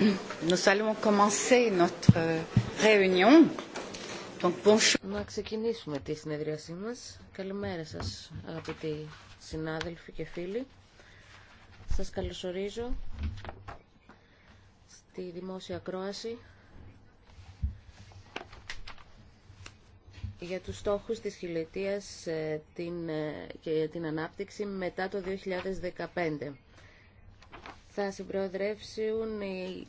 Euh, Να ξεκινήσουμε τη συνεδρίασή μας. Καλημέρα σας αγαπητοί συνάδελφοι και φίλοι. Σας καλωσορίζω στη δημόσια ακρόαση για τους στόχους της χιλιετίας ε, ε, και την ανάπτυξη μετά το 2015 θα συμπροεδρεύσουν οι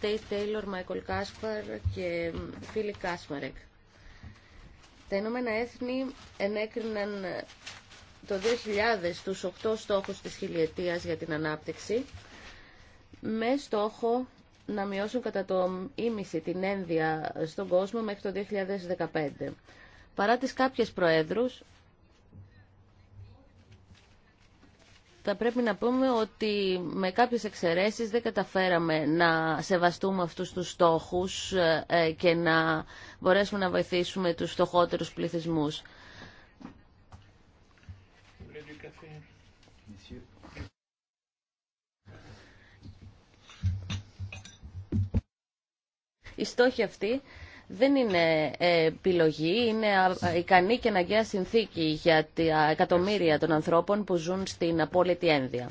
Τέι Τέιλορ, Μάικολ Κάσπαρ και Φίλι Κάσμαρεκ. Τα Ηνωμένα Έθνη ενέκριναν το 2000 τους 8 στόχους της χιλιετίας για την ανάπτυξη με στόχο να μειώσουν κατά το ίμιση την ένδια στον κόσμο μέχρι το 2015. Παρά τις κάποιες προέδρους, θα πρέπει να πούμε ότι με κάποιες εξαιρέσεις δεν καταφέραμε να σεβαστούμε αυτούς τους στόχους ε, ε, και να μπορέσουμε να βοηθήσουμε τους στοχότερους πληθυσμούς. Οι στόχοι αυτοί δεν είναι ε, επιλογή, είναι ικανή και αναγκαία συνθήκη για τα εκατομμύρια των ανθρώπων που ζουν στην απόλυτη ένδια.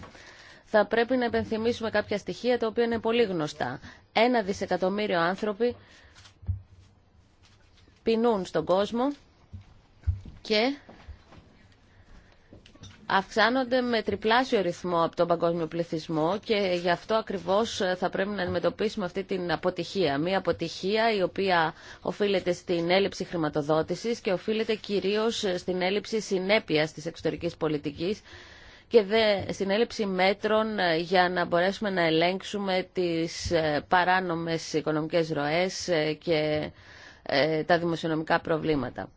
Θα πρέπει να επενθυμίσουμε κάποια στοιχεία τα οποία είναι πολύ γνωστά. Ένα δισεκατομμύριο άνθρωποι πεινούν στον κόσμο και αυξάνονται με τριπλάσιο ρυθμό από τον παγκόσμιο πληθυσμό και γι' αυτό ακριβώς ε, θα πρέπει να αντιμετωπίσουμε αυτή την αποτυχία. Μία αποτυχία η οποία οφείλεται στην έλλειψη χρηματοδότησης και οφείλεται κυρίως ε, στην έλλειψη συνέπειας της εξωτερικής πολιτικής και δε, στην έλλειψη μέτρων ε, για να μπορέσουμε να ελέγξουμε τις παράνομες οικονομικές ροές και τα δημοσιονομικά προβλήματα.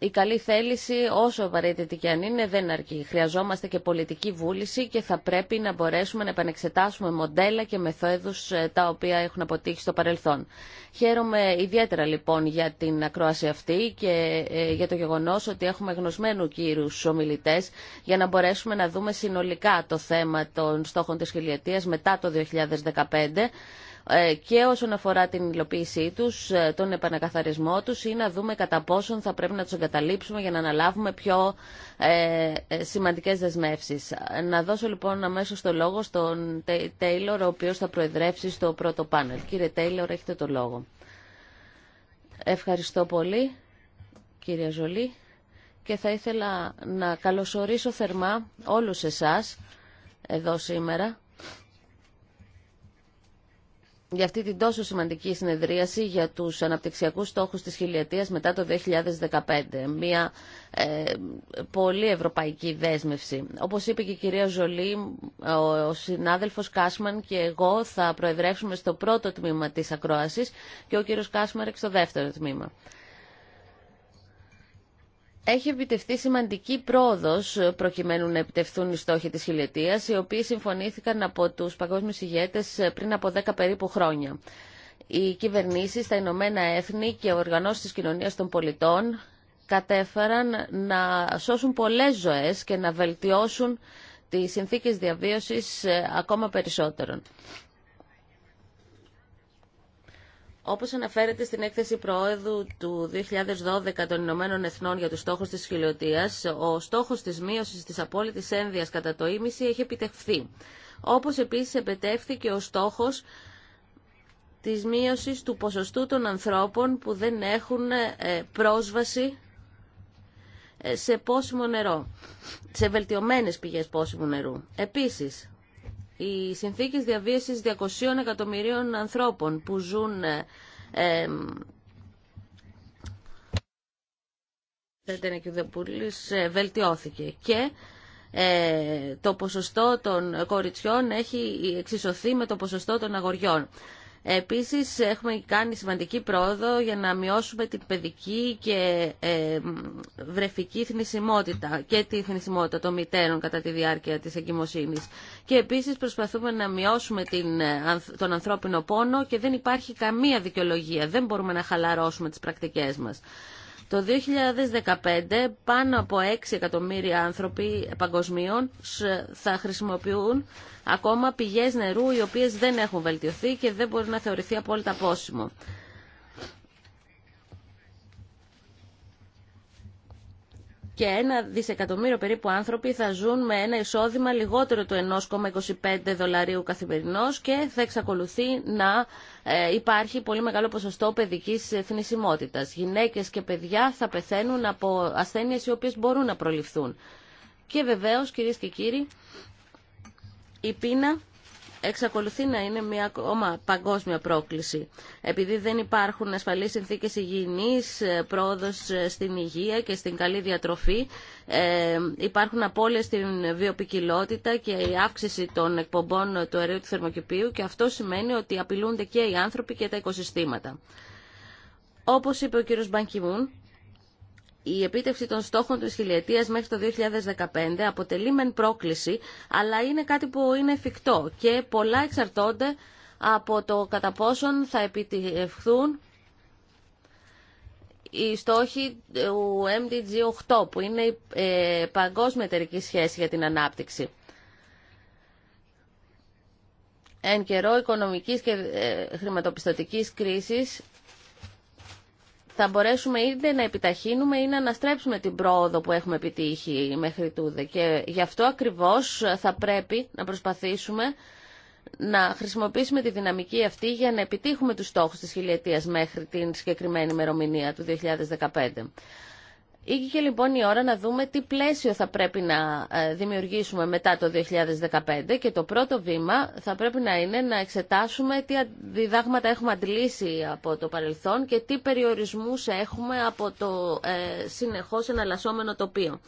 η καλή θέληση, όσο βαρύτητη και αν είναι, δεν αρκεί. Χρειαζόμαστε και πολιτική βούληση και θα πρέπει να μπορέσουμε να επανεξετάσουμε μοντέλα και μεθόδους ε, τα οποία έχουν αποτύχει στο παρελθόν. Χαίρομαι ιδιαίτερα λοιπόν για την ακρόαση αυτή και ε, για το γεγονός ότι έχουμε γνωσμένου κύρους ομιλητέ για να μπορέσουμε να δούμε συνολικά το θέμα των στόχων της χιλιετίας μετά το 2015 ε, και όσον αφορά την υλοποίησή του, ε, τον επανακαθαρισμό του ή να δούμε κατά πόσον θα πρέπει να του εγκαταλείψουμε για να αναλάβουμε πιο ε, ε σημαντικές δεσμεύσεις. Να δώσω λοιπόν αμέσω το λόγο στον Τέιλορ, ο οποίος θα προεδρεύσει στο πρώτο πάνελ. Κύριε Τέιλορ, έχετε το λόγο. Ευχαριστώ πολύ, κύριε Ζολή, και θα ήθελα να καλωσορίσω θερμά όλους εσάς εδώ σήμερα για αυτή την τόσο σημαντική συνεδρίαση για τους αναπτυξιακούς στόχους της χιλιετίας μετά το 2015. Μια ε, πολύ ευρωπαϊκή δέσμευση. Όπως είπε και η κυρία Ζολή, ο, ο συνάδελφος Κάσμαν και εγώ θα προεδρεύσουμε στο πρώτο τμήμα της ακρόασης και ο κύριος Κάσμαρεκ στο δεύτερο τμήμα έχει επιτευχθεί σημαντική πρόοδος προκειμένου να επιτευθούν οι στόχοι της χιλιετία, οι οποίοι συμφωνήθηκαν από τους παγκόσμιους ηγέτε πριν από 10 περίπου χρόνια. Οι κυβερνήσει, τα Ηνωμένα Έθνη και οργανώσει τη κοινωνίας των πολιτών κατέφεραν να σώσουν πολλές ζωές και να βελτιώσουν τις συνθήκες διαβίωσης ακόμα περισσότερων. Όπως αναφέρεται στην έκθεση προόδου του 2012 των Ηνωμένων Εθνών για τους στόχους της χιλιοτίας, ο στόχος της μείωσης της απόλυτης ένδυας κατά το ίμιση έχει επιτευχθεί. Όπως επίσης επετεύθηκε ο στόχος της μείωσης του ποσοστού των ανθρώπων που δεν έχουν ε, πρόσβαση ε, σε πόσιμο νερό, σε βελτιωμένες πηγές πόσιμου νερού. Επίσης, οι συνθήκες διαβίωσης 200 εκατομμυρίων ανθρώπων που ζουν ε, βελτιώθηκε και ε, το ποσοστό των κοριτσιών έχει εξισωθεί με το ποσοστό των αγοριών. Επίσης, έχουμε κάνει σημαντική πρόοδο για να μειώσουμε την παιδική και βρεφική θνησιμότητα και τη θνησιμότητα των μητέρων κατά τη διάρκεια της εγκυμοσύνης. Και επίσης προσπαθούμε να μειώσουμε την, ε, τον ανθρώπινο πόνο και δεν υπάρχει καμία δικαιολογία. Δεν μπορούμε να χαλαρώσουμε τις πρακτικές μας. Το 2015 πάνω από 6 εκατομμύρια άνθρωποι παγκοσμίων ε, θα χρησιμοποιούν ακόμα πηγές νερού οι οποίες δεν έχουν βελτιωθεί και δεν μπορεί να θεωρηθεί απόλυτα πόσιμο. και ένα δισεκατομμύριο περίπου άνθρωποι θα ζουν με ένα εισόδημα λιγότερο του 1,25 δολαρίου καθημερινώς και θα εξακολουθεί να ε, υπάρχει πολύ μεγάλο ποσοστό παιδικής θνησιμότητας. Γυναίκες και παιδιά θα πεθαίνουν από ασθένειες οι οποίες μπορούν να προληφθούν. Και βεβαίως, κυρίες και κύριοι, η πείνα εξακολουθεί να είναι μια ακόμα παγκόσμια πρόκληση. Επειδή δεν υπάρχουν ασφαλείς συνθήκες υγιεινής, ε, πρόοδος ε, στην υγεία και στην καλή διατροφή, ε, υπάρχουν απώλειες στην βιοπικιλότητα και η αύξηση των εκπομπών του αερίου του θερμοκηπίου και αυτό σημαίνει ότι απειλούνται και οι άνθρωποι και τα οικοσυστήματα. Όπως είπε ο κύριος Μπανκιμούν, η επίτευξη των στόχων της χιλιετίας μέχρι το 2015 αποτελεί μεν πρόκληση, αλλά είναι κάτι που είναι εφικτό και πολλά εξαρτώνται από το κατά πόσον θα επιτευχθούν οι στόχοι του MDG 8, που είναι η ε, παγκόσμια εταιρική σχέση για την ανάπτυξη. Εν καιρό οικονομικής και ε, χρηματοπιστωτικής κρίσης, θα μπορέσουμε είτε να επιταχύνουμε ή να αναστρέψουμε την πρόοδο που έχουμε επιτύχει μέχρι τούδε. Και γι' αυτό ακριβώς θα πρέπει να προσπαθήσουμε να χρησιμοποιήσουμε τη δυναμική αυτή για να επιτύχουμε τους στόχους της χιλιετίας μέχρι την συγκεκριμένη ημερομηνία του 2015. Ήγηκε λοιπόν η ώρα να δούμε τι πλαίσιο θα πρέπει να ε, δημιουργήσουμε μετά το 2015 και το πρώτο βήμα θα πρέπει να είναι να εξετάσουμε τι διδάγματα έχουμε αντλήσει από το παρελθόν και τι περιορισμούς έχουμε από το ε, συνεχώς εναλλασσόμενο τοπίο.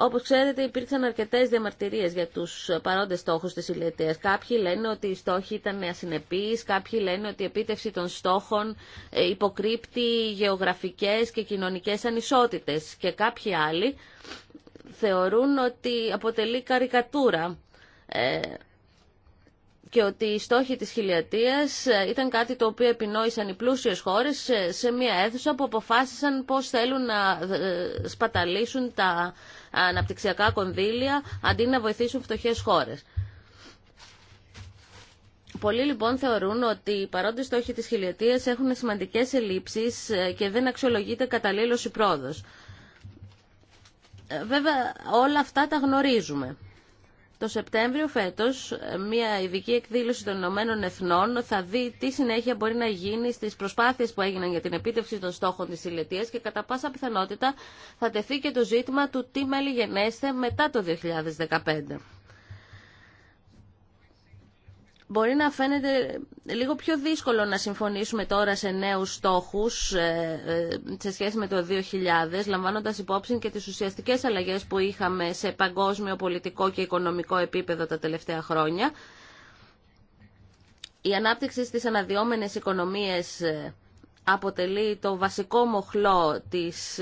Όπως ξέρετε υπήρξαν αρκετές διαμαρτυρίες για τους παρόντες στόχους της ηλιετίας. Κάποιοι λένε ότι οι στόχοι ήταν ασυνεπείς, κάποιοι λένε ότι η επίτευξη των στόχων ε, υποκρύπτει γεωγραφικές και κοινωνικές ανισότητες και κάποιοι άλλοι θεωρούν ότι αποτελεί καρικατούρα ε, και ότι οι στόχοι της χιλιατίας ε, ήταν κάτι το οποίο επινόησαν οι πλούσιες χώρες σε μια αίθουσα που αποφάσισαν πώς θέλουν να σπαταλήσουν τα αναπτυξιακά κονδύλια αντί να βοηθήσουν φτωχέ χώρες. Πολλοί λοιπόν θεωρούν ότι οι παρόντες στόχοι της χιλιετίας έχουν σημαντικές ελλείψεις ε, και δεν αξιολογείται καταλήλωση πρόοδος. Ε, βέβαια όλα αυτά τα γνωρίζουμε. Το Σεπτέμβριο φέτος μια ειδική εκδήλωση των Ηνωμένων Εθνών θα δει τι συνέχεια μπορεί να γίνει στις προσπάθειες που έγιναν για την επίτευξη των στόχων της ηλετίας και κατά πάσα πιθανότητα θα τεθεί και το ζήτημα του τι μέλη γενέστε μετά το 2015. Μπορεί να φαίνεται λίγο πιο δύσκολο να συμφωνήσουμε τώρα σε νέους στόχους ε, ε, σε σχέση με το 2000, λαμβάνοντας υπόψη και τις ουσιαστικές αλλαγές που είχαμε σε παγκόσμιο, πολιτικό και οικονομικό επίπεδο τα τελευταία χρόνια. Η ανάπτυξη στις αναδυόμενες οικονομίες ε, αποτελεί το βασικό μοχλό της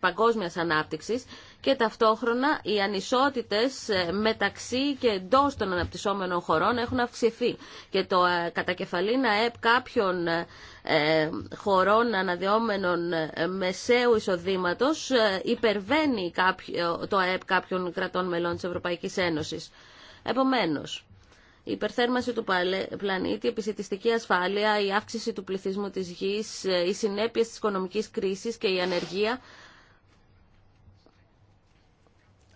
παγκόσμιας ανάπτυξης και ταυτόχρονα οι ανισότητες ε, μεταξύ και εντό των αναπτυσσόμενων χωρών έχουν αυξηθεί και το ε, κατακεφαλήνα ΕΠ κάποιων ε, χωρών αναδεόμενων μεσαίου εισοδήματος υπερβαίνει το ΑΕΠ κάποιων κρατών μελών της Ευρωπαϊκής Ένωσης. Επομένως, η υπερθέρμανση του πλανήτη, η επισητιστική ασφάλεια, η αύξηση του πληθυσμού της γης, οι συνέπειες της οικονομικής κρίσης και η ανεργία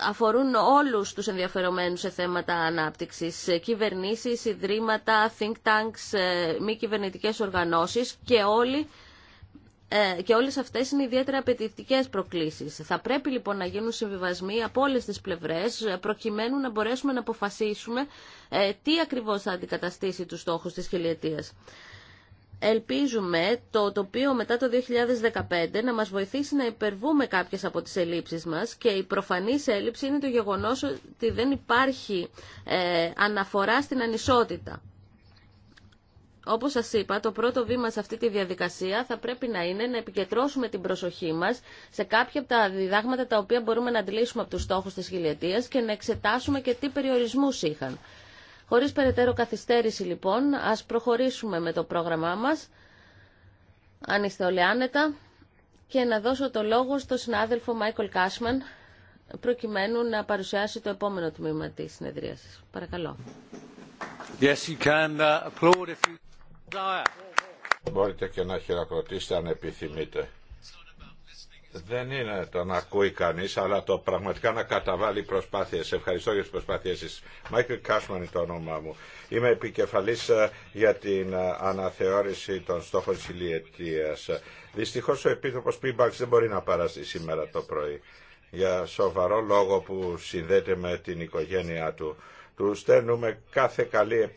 αφορούν όλους τους ενδιαφερομένους σε θέματα ανάπτυξης, κυβερνήσεις, ιδρύματα, think tanks, ε, μη κυβερνητικές οργανώσεις και όλοι ε, και όλες αυτές είναι ιδιαίτερα απαιτητικέ προκλήσεις. Θα πρέπει λοιπόν να γίνουν συμβιβασμοί από όλες τις πλευρές ε, προκειμένου να μπορέσουμε να αποφασίσουμε τι ακριβώς θα αντικαταστήσει τους στόχους της χιλιετίας ελπίζουμε το τοπίο μετά το 2015 να μας βοηθήσει να υπερβούμε κάποιες από τις ελλείψεις μας και η προφανής έλλειψη είναι το γεγονός ότι δεν υπάρχει ε, αναφορά στην ανισότητα. Όπως σας είπα, το πρώτο βήμα σε αυτή τη διαδικασία θα πρέπει να είναι να επικεντρώσουμε την προσοχή μας σε κάποια από τα διδάγματα τα οποία μπορούμε να αντιλήσουμε από τους στόχους της χιλιετίας και να εξετάσουμε και τι περιορισμούς είχαν. Χωρίς περαιτέρω καθυστέρηση λοιπόν, ας προχωρήσουμε με το πρόγραμμά μας, αν είστε όλοι άνετα, και να δώσω το λόγο στο συνάδελφο Μάικολ Κάσμαν, προκειμένου να παρουσιάσει το επόμενο τμήμα της συνεδρίασης. Παρακαλώ. Yes, you can uh, applaud if you... Μπορείτε και να χειρακροτήσετε αν επιθυμείτε. Δεν είναι το να ακούει κανεί, αλλά το πραγματικά να καταβάλει προσπάθειε. Ευχαριστώ για τι προσπάθειέ σα. Μάικλ Κάσμαν είναι το όνομά μου. Είμαι επικεφαλή ε, για την ε, αναθεώρηση των στόχων ηλιετία. Δυστυχώ ο επίτροπο Πίμπαξ δεν μπορεί να παραστεί σήμερα το πρωί. Για σοβαρό λόγο που συνδέεται με την οικογένειά του. Του στέλνουμε κάθε καλή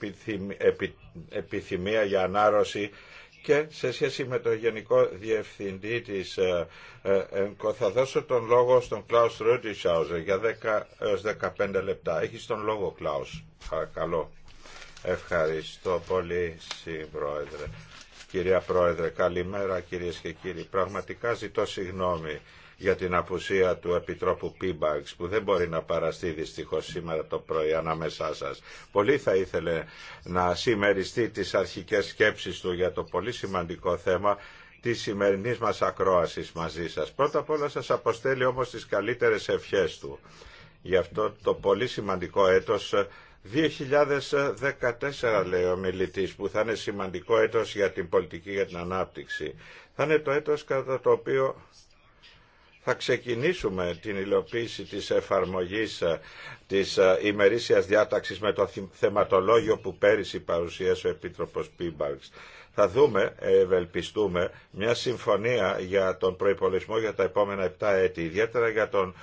επιθυμία για ανάρρωση και σε σχέση με το Γενικό Διευθυντή της ε, ε, ΕΝΚΟ θα δώσω τον λόγο στον Κλάους Ρούντισάουζε για 10 15 λεπτά. Έχεις τον λόγο Κλάους. Παρακαλώ. Ευχαριστώ πολύ συμπρόεδρε. Κυρία Πρόεδρε, καλημέρα κυρίες και κύριοι. Πραγματικά ζητώ συγγνώμη για την απουσία του Επιτρόπου Πίμπαξ που δεν μπορεί να παραστεί δυστυχώ σήμερα το πρωί ανάμεσά σα. Πολύ θα ήθελε να συμμεριστεί τι αρχικέ σκέψει του για το πολύ σημαντικό θέμα τη σημερινή μα ακρόαση μαζί σα. Πρώτα απ' όλα σα αποστέλει όμω τι καλύτερε ευχέ του. Γι' αυτό το πολύ σημαντικό έτος 2014 λέει ο μιλητής που θα είναι σημαντικό έτος για την πολιτική για την ανάπτυξη. Θα είναι το έτος κατά το οποίο θα ξεκινήσουμε την υλοποίηση της εφαρμογής ε, της ε, ημερήσιας διάταξης με το θεματολόγιο που πέρυσι παρουσίασε ο Επίτροπος Πίμπαλξ. Θα δούμε, ευελπιστούμε, μια συμφωνία για τον προϋπολογισμό για τα επόμενα 7 έτη, ιδιαίτερα για τον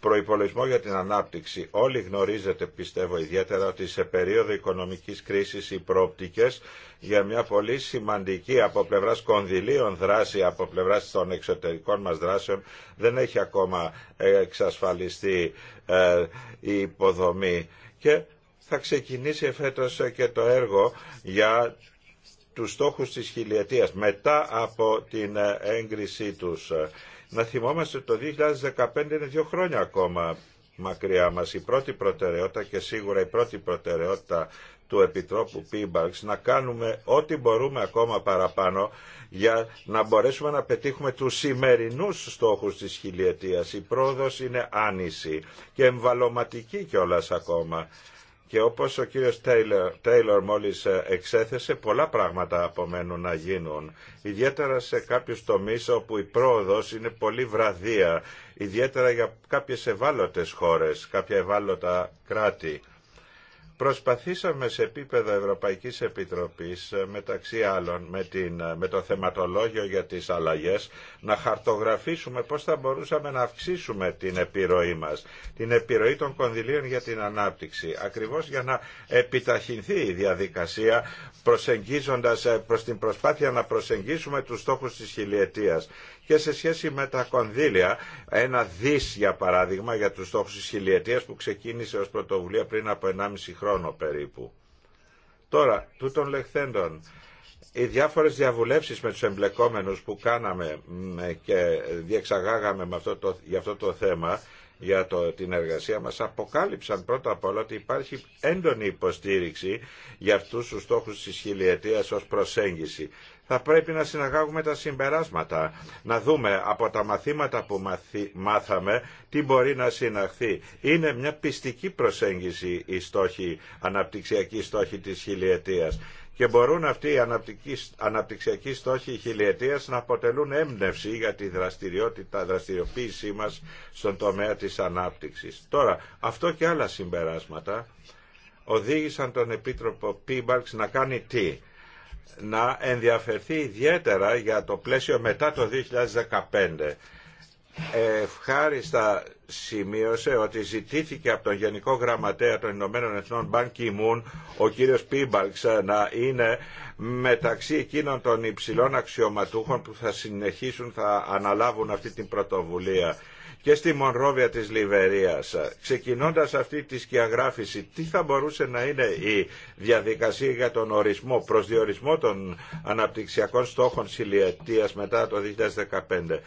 προϋπολογισμό για την ανάπτυξη. Όλοι γνωρίζετε, πιστεύω ιδιαίτερα, ότι σε περίοδο οικονομικής κρίσης οι προοπτικές για μια πολύ σημαντική από πλευράς κονδυλίων δράση, από πλευράς των εξωτερικών μας δράσεων, δεν έχει ακόμα ε, εξασφαλιστεί ε, η υποδομή. Και θα ξεκινήσει φέτος ε, και το έργο για τους στόχους της χιλιετίας μετά από την έγκρισή τους. Να θυμόμαστε το 2015 είναι δύο χρόνια ακόμα μακριά μας. Η πρώτη προτεραιότητα και σίγουρα η πρώτη προτεραιότητα του Επιτρόπου Πίμπαρξ να κάνουμε ό,τι μπορούμε ακόμα παραπάνω για να μπορέσουμε να πετύχουμε τους σημερινούς στόχους της χιλιετίας. Η πρόοδος είναι άνηση και εμβαλωματική κιόλας ακόμα. Και όπως ο κύριος Τέιλορ, Τέιλορ μόλις ε, εξέθεσε, πολλά πράγματα απομένουν να γίνουν. Ιδιαίτερα σε κάποιους τομείς όπου η πρόοδος είναι πολύ βραδία, ιδιαίτερα για κάποιες ευάλωτες χώρες, κάποια ευάλωτα κράτη. Προσπαθήσαμε σε επίπεδο Ευρωπαϊκής Επιτροπής, ε, μεταξύ άλλων με, την, ε, το θεματολόγιο για τις αλλαγές, να χαρτογραφήσουμε πώς θα μπορούσαμε να αυξήσουμε την επιρροή μας, την επιρροή των κονδυλίων για την ανάπτυξη, ακριβώς για να επιταχυνθεί η διαδικασία προσεγγίζοντας ε, προς την προσπάθεια να προσεγγίσουμε τους στόχους της χιλιετίας και σε σχέση με τα κονδύλια, ένα δι για παράδειγμα για του στόχου τη χιλιετία που ξεκίνησε ως πρωτοβουλία πριν από 1,5 χρόνο περίπου. Τώρα, τούτων λεχθέντων, οι διάφορες διαβουλεύσεις με τους εμπλεκόμενους που κάναμε και διεξαγάγαμε με αυτό το, για αυτό το θέμα, για την εργασία μας αποκάλυψαν πρώτα απ' όλα ότι υπάρχει έντονη υποστήριξη για αυτούς τους στόχους της χιλιετίας ως προσέγγιση θα πρέπει να συναγάγουμε τα συμπεράσματα, να δούμε από τα μαθήματα που μάθαμε τι μπορεί να συναχθεί. Είναι μια πιστική προσέγγιση η στόχη, αναπτυξιακή στόχη της χιλιετίας και μπορούν αυτοί οι αναπτυξιακοί στόχοι χιλιετίας να αποτελούν έμπνευση για τη δραστηριότητα, δραστηριοποίησή μας στον τομέα της ανάπτυξης. Τώρα, αυτό και άλλα συμπεράσματα οδήγησαν τον Επίτροπο Πίμπαρξ να κάνει τι να ενδιαφερθεί ιδιαίτερα για το πλαίσιο μετά το 2015. Ευχάριστα σημείωσε ότι ζητήθηκε από τον Γενικό Γραμματέα των Ηνωμένων Εθνών Μπαν Κιμούν ο κύριος Πίμπαλξ να είναι μεταξύ εκείνων των υψηλών αξιωματούχων που θα συνεχίσουν, θα αναλάβουν αυτή την πρωτοβουλία και στη Μονρόβια της Λιβερίας. Ξεκινώντας αυτή τη σκιαγράφηση, τι θα μπορούσε να είναι η διαδικασία για τον ορισμό, προσδιορισμό των αναπτυξιακών στόχων συλλιετίας μετά το 2015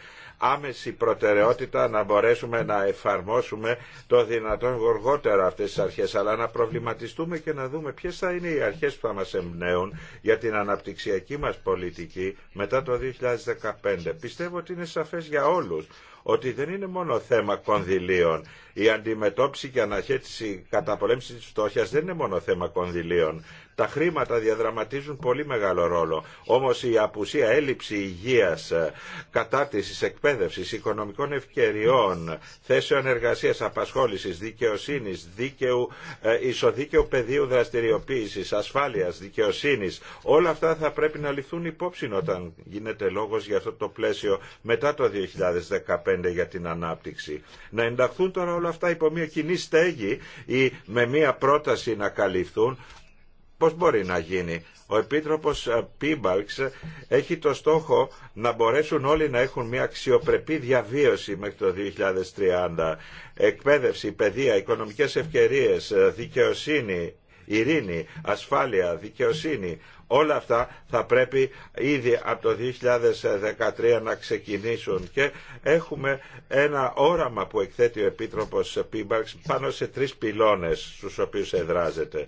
άμεση προτεραιότητα να μπορέσουμε να εφαρμόσουμε το δυνατόν γοργότερα αυτές τις αρχές, αλλά να προβληματιστούμε και να δούμε ποιες θα είναι οι αρχές που θα μας εμπνέουν για την αναπτυξιακή μας πολιτική μετά το 2015. Πιστεύω ότι είναι σαφές για όλους ότι δεν είναι μόνο θέμα κονδυλίων. Η αντιμετώπιση και αναχέτηση καταπολέμηση της φτώχειας δεν είναι μόνο θέμα κονδυλίων. Τα χρήματα διαδραματίζουν πολύ μεγάλο ρόλο. Όμως η απουσία έλλειψη υγείας, ε, κατάρτισης, εκπαίδευσης, οικονομικών ευκαιριών, θέσεων εργασίας, απασχόλησης, δικαιοσύνης, δίκαιου, ε, ισοδίκαιου πεδίου δραστηριοποίησης, ασφάλειας, δικαιοσύνης, όλα αυτά θα πρέπει να ληφθούν υπόψη όταν γίνεται λόγος για αυτό το πλαίσιο μετά το 2015 για την ανάπτυξη. Να ενταχθούν τώρα όλα αυτά υπό μια κοινή στέγη ή με μια πρόταση να καλυφθούν Πώς μπορεί να γίνει. Ο Επίτροπος ε, Πίμπαλξ έχει το στόχο να μπορέσουν όλοι να έχουν μια αξιοπρεπή διαβίωση μέχρι το 2030. Εκπαίδευση, παιδεία, οικονομικές ευκαιρίες, ε, δικαιοσύνη, ειρήνη, ασφάλεια, δικαιοσύνη. Όλα αυτά θα πρέπει ήδη από το 2013 να ξεκινήσουν και έχουμε ένα όραμα που εκθέτει ο Επίτροπος Πίμπαρξ πάνω σε τρεις πυλώνες στους οποίους εδράζεται.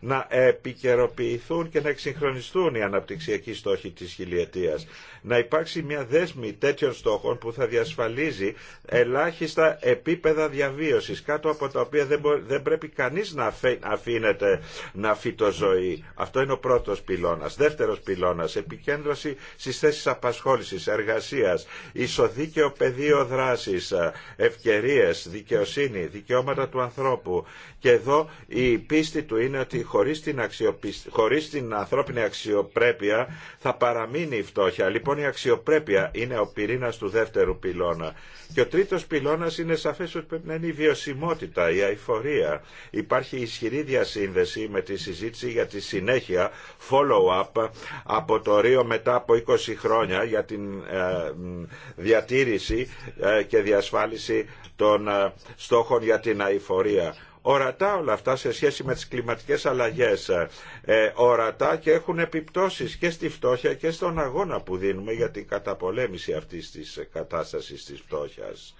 Να επικαιροποιηθούν και να εξυγχρονιστούν οι αναπτυξιακοί στόχοι της χιλιετίας. Να υπάρξει μια δέσμη τέτοιων στόχων που θα διασφαλίζει ελάχιστα επίπεδα διαβίωσης κάτω από τα οποία δεν, πρέπει κανείς να αφήνεται να φυτοζωεί. Αυτό είναι ο πρώτος πυλώνας πυλώνας. Δεύτερος πυλώνας, επικέντρωση στις θέσεις απασχόλησης, εργασίας, ισοδίκαιο πεδίο δράσης, ευκαιρίες, δικαιοσύνη, δικαιώματα του ανθρώπου. Και εδώ η πίστη του είναι ότι χωρίς την, την ανθρώπινη αξιοπρέπεια θα παραμείνει η φτώχεια. Λοιπόν η αξιοπρέπεια είναι ο πυρήνας του δεύτερου πυλώνα. Και ο τρίτος πυλώνας είναι σαφές ότι πρέπει να είναι η βιωσιμότητα, η αηφορία. Υπάρχει ισχυρή διασύνδεση με τη συζήτηση για τη συνέχεια follow από το Ρίο μετά από 20 χρόνια για την ε, διατήρηση ε, και διασφάλιση των ε, στόχων για την αηφορία ορατά όλα αυτά σε σχέση με τις κλιματικές αλλαγές ορατά και έχουν επιπτώσεις και στη φτώχεια και στον αγώνα που δίνουμε για την καταπολέμηση αυτής της κατάστασης της φτώχειας.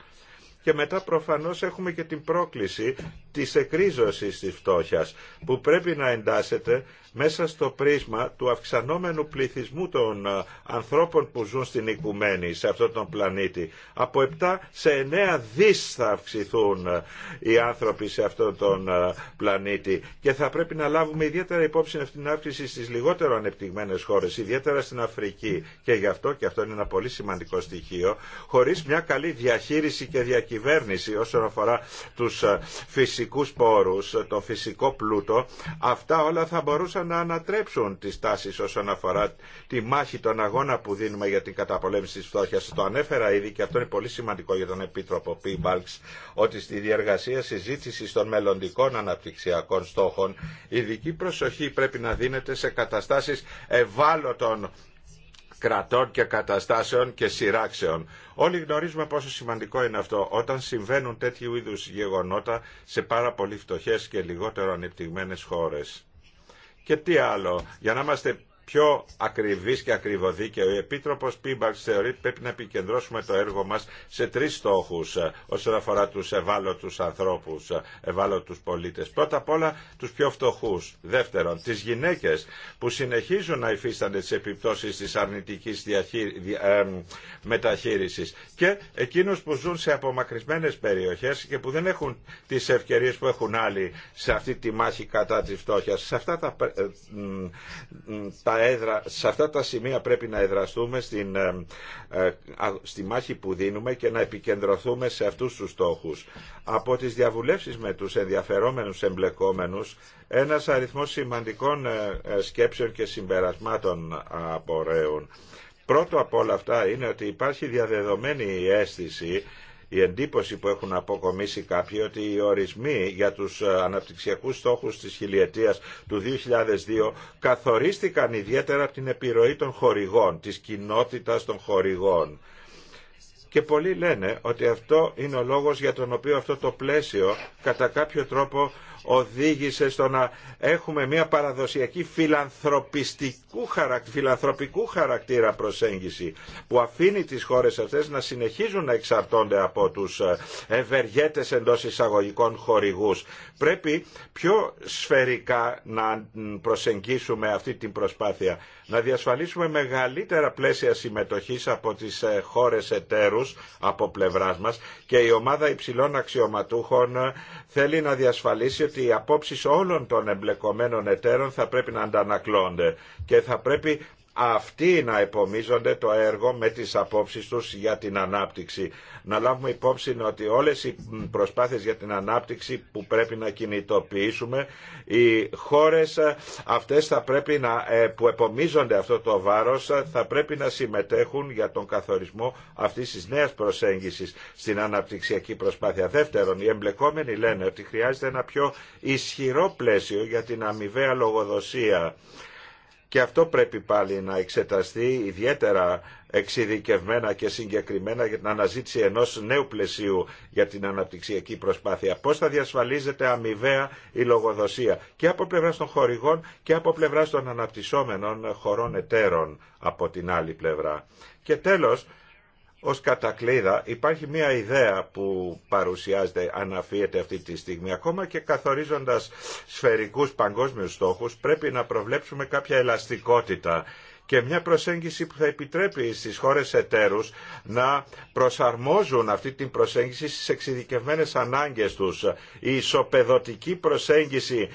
Και μετά προφανώς έχουμε και την πρόκληση της εκρίζωσης της φτώχειας που πρέπει να εντάσσεται μέσα στο πρίσμα του αυξανόμενου πληθυσμού των ε, ανθρώπων που ζουν στην οικουμένη σε αυτόν τον πλανήτη. Από 7 σε 9 δις θα αυξηθούν ε, οι άνθρωποι σε αυτόν τον ε, πλανήτη και θα πρέπει να λάβουμε ιδιαίτερα υπόψη αυτήν την αύξηση στις λιγότερο ανεπτυγμένες χώρες, ιδιαίτερα στην Αφρική και γι' αυτό και αυτό είναι ένα πολύ σημαντικό στοιχείο, χωρίς μια καλή διαχείριση και διακυβέρνηση όσον αφορά τους φυσικούς πόρους, το φυσικό πλούτο, αυτά όλα θα μπορούσαν να ανατρέψουν τις τάσεις όσον αφορά τη μάχη, τον αγώνα που δίνουμε για την καταπολέμηση της φτώχειας. Το ανέφερα ήδη και αυτό είναι πολύ σημαντικό για τον Επίτροπο Πίμπαλξ, ότι στη διεργασία συζήτηση των μελλοντικών αναπτυξιακών στόχων ειδική προσοχή πρέπει να δίνεται σε καταστάσεις ευάλωτων κρατών και καταστάσεων και σειράξεων. Όλοι γνωρίζουμε πόσο σημαντικό είναι αυτό όταν συμβαίνουν τέτοιου είδους γεγονότα σε πάρα πολύ φτωχές και λιγότερο ανεπτυγμένες χώρες. Και τι άλλο, για να είμαστε πιο ακριβή και ακριβοδίκαιο. Ο επίτροπο Πίμπαξ θεωρεί ότι πρέπει να επικεντρώσουμε το έργο μα σε τρει στόχου ε, όσον αφορά του ευάλωτου ανθρώπου, ε, ευάλωτου πολίτε. Πρώτα απ' όλα του πιο φτωχού, Δεύτερον, τι γυναίκε που συνεχίζουν να υφίστανται τι επιπτώσεις της αρνητικής μεταχείριση. και εκείνου που ζουν σε απομακρυσμένε περιοχέ και που δεν έχουν τι ευκαιρίε που έχουν άλλοι σε αυτή τη μάχη κατά τη φτώχεια. Σε αυτά τα, ε, τα σε αυτά τα σημεία πρέπει να εδραστούμε στην, ε, ε, στη μάχη που δίνουμε και να επικεντρωθούμε σε αυτούς τους στόχους. Από τις διαβουλεύσεις με τους ενδιαφερόμενους εμπλεκόμενους, ένας αριθμός σημαντικών ε, σκέψεων και συμπερασμάτων απορρέουν. Πρώτο από όλα αυτά είναι ότι υπάρχει διαδεδομένη αίσθηση η εντύπωση που έχουν αποκομίσει κάποιοι ότι οι ορισμοί για τους ε, αναπτυξιακούς στόχους της χιλιετίας του 2002 καθορίστηκαν ιδιαίτερα από την επιρροή των χορηγών, της κοινότητας των χορηγών και πολλοί λένε ότι αυτό είναι ο λόγος για τον οποίο αυτό το πλαίσιο κατά κάποιο τρόπο οδήγησε στο να έχουμε μια παραδοσιακή φιλανθρωπιστικού φιλανθρωπικού χαρακτήρα προσέγγιση που αφήνει τις χώρες αυτές να συνεχίζουν να εξαρτώνται από τους ε, ευεργέτες εντός εισαγωγικών χορηγούς. Πρέπει πιο σφαιρικά να προσεγγίσουμε αυτή την προσπάθεια να διασφαλίσουμε μεγαλύτερα πλαίσια συμμετοχής από τις ε, χώρες εταίρους από πλευράς μας και η ομάδα υψηλών αξιωματούχων ε, θέλει να διασφαλίσει ότι οι απόψεις όλων των εμπλεκομένων εταίρων θα πρέπει να αντανακλώνται και θα πρέπει αυτοί να επομίζονται το έργο με τις απόψεις τους για την ανάπτυξη. Να λάβουμε υπόψη ότι όλες οι προσπάθειες για την ανάπτυξη που πρέπει να κινητοποιήσουμε, οι χώρες αυτές θα πρέπει να, ε, που επομίζονται αυτό το βάρος θα πρέπει να συμμετέχουν για τον καθορισμό αυτής της νέας προσέγγισης στην αναπτυξιακή προσπάθεια. Δεύτερον, οι εμπλεκόμενοι λένε ότι χρειάζεται ένα πιο ισχυρό πλαίσιο για την αμοιβαία λογοδοσία και αυτό πρέπει πάλι να εξεταστεί ιδιαίτερα εξειδικευμένα και συγκεκριμένα για την αναζήτηση ενός νέου πλαισίου για την αναπτυξιακή προσπάθεια. Πώς θα διασφαλίζεται αμοιβαία η λογοδοσία και από πλευρά των χορηγών και από πλευρά των αναπτυσσόμενων χωρών εταίρων από την άλλη πλευρά. Και τέλος, ως κατακλείδα υπάρχει μια ιδέα που παρουσιάζεται, αναφύεται αυτή τη στιγμή. Ακόμα και καθορίζοντας σφαιρικούς παγκόσμιους στόχους πρέπει να προβλέψουμε κάποια ελαστικότητα και μια προσέγγιση που θα επιτρέπει στις χώρες εταίρους να προσαρμόζουν αυτή την προσέγγιση στις εξειδικευμένες ανάγκες τους. Η ισοπεδωτική προσέγγιση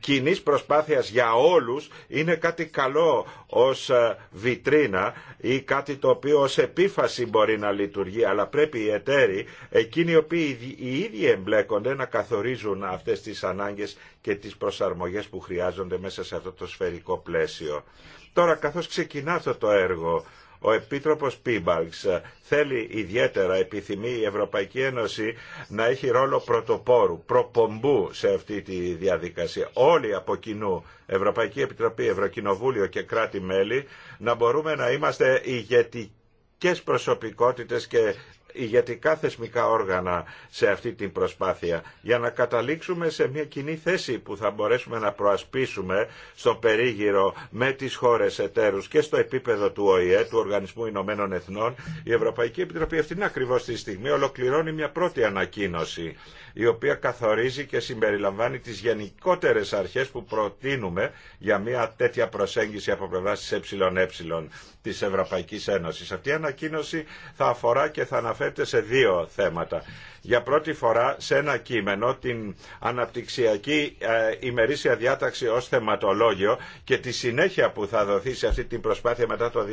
κοινή προσπάθειας για όλους είναι κάτι καλό ως ε, βιτρίνα ή κάτι το οποίο ω επίφαση μπορεί να λειτουργεί αλλά πρέπει οι εταίροι εκείνοι οι οποίοι οι ίδιοι εμπλέκονται να καθορίζουν αυτές τις ανάγκες και τις προσαρμογές που χρειάζονται μέσα σε αυτό το σφαιρικό πλαίσιο. Τώρα καθώς ξεκινά αυτό το έργο ο Επίτροπος Πίμπαλξ ε, θέλει ιδιαίτερα, επιθυμεί η Ευρωπαϊκή Ένωση να έχει ρόλο πρωτοπόρου, προπομπού σε αυτή τη διαδικασία. Όλοι από κοινού, Ευρωπαϊκή Επιτροπή, Ευρωκοινοβούλιο και κράτη-μέλη, να μπορούμε να είμαστε ηγετικοί και προσωπικότητες και ηγετικά θεσμικά όργανα σε αυτή την προσπάθεια για να καταλήξουμε σε μια κοινή θέση που θα μπορέσουμε να προασπίσουμε στο περίγυρο με τις χώρες εταίρους και στο επίπεδο του ΟΗΕ, του Οργανισμού Ηνωμένων Εθνών. Η Ευρωπαϊκή Επιτροπή αυτήν ακριβώς τη στιγμή ολοκληρώνει μια πρώτη ανακοίνωση η οποία καθορίζει και συμπεριλαμβάνει τις γενικότερες αρχές που προτείνουμε για μια τέτοια προσέγγιση από πλευρά της ΕΕ της Ευρωπαϊκής Ένωσης. Αυτή η ανακοίνωση θα αφορά και θα αναφέρει αναφέρεται σε δύο θέματα. Για πρώτη φορά σε ένα κείμενο την αναπτυξιακή ε, ημερήσια διάταξη ως θεματολόγιο και τη συνέχεια που θα δοθεί σε αυτή την προσπάθεια μετά το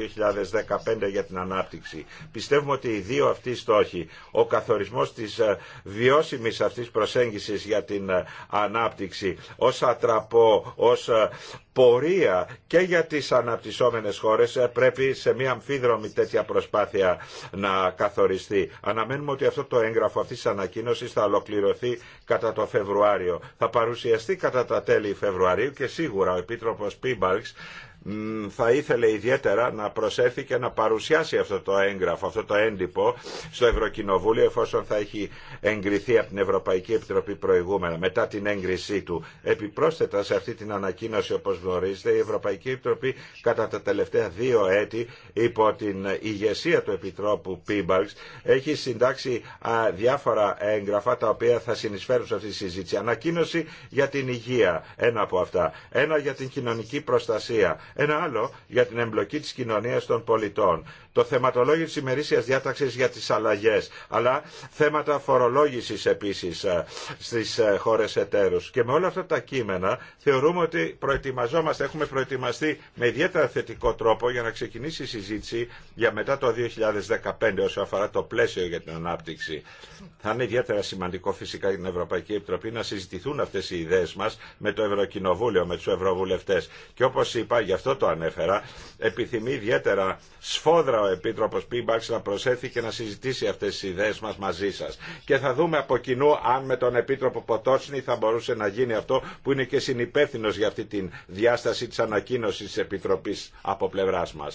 2015 για την ανάπτυξη. Πιστεύουμε ότι οι δύο αυτοί στόχοι, ο καθορισμός της ε, βιώσιμης αυτής προσέγγισης για την ε, ανάπτυξη ως ατραπό, ως ε, πορεία και για τις αναπτυσσόμενες χώρες ε, πρέπει σε μια αμφίδρομη τέτοια προσπάθεια να καθοριστεί. Αναμένουμε ότι αυτό το έγγραφο αυτής της ανακοίνωσης θα ολοκληρωθεί κατά το Φεβρουάριο. Θα παρουσιαστεί κατά τα τέλη Φεβρουαρίου και σίγουρα ο Επίτροπος Πίμπαλξ θα ήθελε ιδιαίτερα να προσέλθει και να παρουσιάσει αυτό το έγγραφο, αυτό το έντυπο στο Ευρωκοινοβούλιο εφόσον θα έχει εγκριθεί από την Ευρωπαϊκή Επιτροπή προηγούμενα μετά την έγκρισή του. Επιπρόσθετα σε αυτή την ανακοίνωση όπως γνωρίζετε η Ευρωπαϊκή Επιτροπή κατά τα τελευταία δύο έτη υπό την ηγεσία του Επιτρόπου Πίμπαλξ έχει συντάξει διάφορα έγγραφα τα οποία θα συνεισφέρουν σε αυτή τη συζήτηση. Ανακοίνωση για την υγεία, ένα από αυτά. Ένα για την κοινωνική προστασία ένα άλλο για την εμπλοκή της κοινωνίας των πολιτών. Το θεματολόγιο της ημερήσιας διάταξης για τις αλλαγές, αλλά θέματα φορολόγησης επίσης ε, στις ε, χώρες εταίρους. Και με όλα αυτά τα κείμενα θεωρούμε ότι προετοιμαζόμαστε, έχουμε προετοιμαστεί με ιδιαίτερα θετικό τρόπο για να ξεκινήσει η συζήτηση για μετά το 2015 όσο αφορά το πλαίσιο για την ανάπτυξη. Θα είναι ιδιαίτερα σημαντικό φυσικά για την Ευρωπαϊκή Επιτροπή να συζητηθούν αυτέ οι ιδέες μα με το Ευρωκοινοβούλιο, με του ευρωβουλευτέ. Και όπως είπα αυτό το ανέφερα, επιθυμεί ιδιαίτερα σφόδρα ο Επίτροπος Πίμπαξ να προσέθει και να συζητήσει αυτές τις ιδέες μας μαζί σας. Και θα δούμε από κοινού αν με τον Επίτροπο Ποτότσνη θα μπορούσε να γίνει αυτό που είναι και συνυπεύθυνο για αυτή τη διάσταση της ανακοίνωση τη Επιτροπής από πλευρά μα.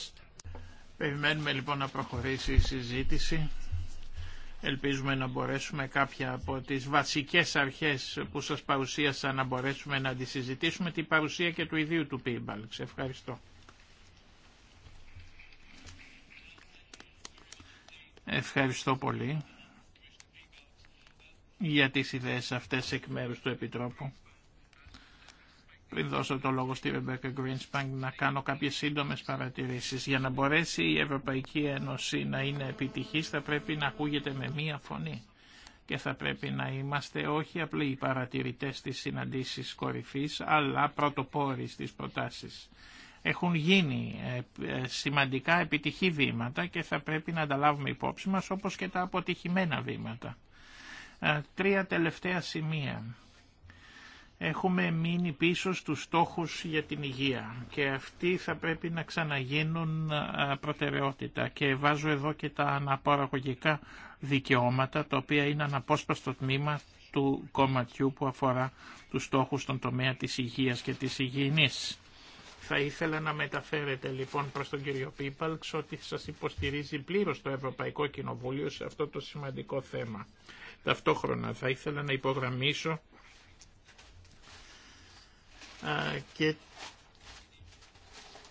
Περιμένουμε λοιπόν να προχωρήσει η συζήτηση. Ελπίζουμε να μπορέσουμε κάποια από τις βασικές αρχές που σας παρουσίασα να μπορέσουμε να αντισυζητήσουμε την παρουσία και του ιδίου του Πίμπαλξ. Ευχαριστώ. Ευχαριστώ πολύ για τις ιδέες αυτές εκ μέρους του Επιτρόπου πριν δώσω το λόγο στη Ρεμπέκα Γκρίνσπανγκ να κάνω κάποιες σύντομες παρατηρήσεις. Για να μπορέσει η Ευρωπαϊκή Ένωση να είναι επιτυχής θα πρέπει να ακούγεται με μία φωνή και θα πρέπει να είμαστε όχι απλοί οι παρατηρητές της συναντήσεις κορυφής αλλά πρωτοπόροι στις προτάσεις. Έχουν γίνει ε, ε, σημαντικά επιτυχή βήματα και θα πρέπει να ανταλάβουμε υπόψη μας όπως και τα αποτυχημένα βήματα. Ε, τρία τελευταία σημεία έχουμε μείνει πίσω στους στόχους για την υγεία και αυτοί θα πρέπει να ξαναγίνουν προτεραιότητα και βάζω εδώ και τα αναπαραγωγικά δικαιώματα τα οποία είναι αναπόσπαστο τμήμα του κομματιού που αφορά τους στόχους στον τομέα της υγείας και της υγιεινής. Θα ήθελα να μεταφέρετε λοιπόν προς τον κύριο Πίπαλξ ότι σας υποστηρίζει πλήρως το Ευρωπαϊκό Κοινοβούλιο σε αυτό το σημαντικό θέμα. Ταυτόχρονα θα ήθελα να υπογραμμίσω και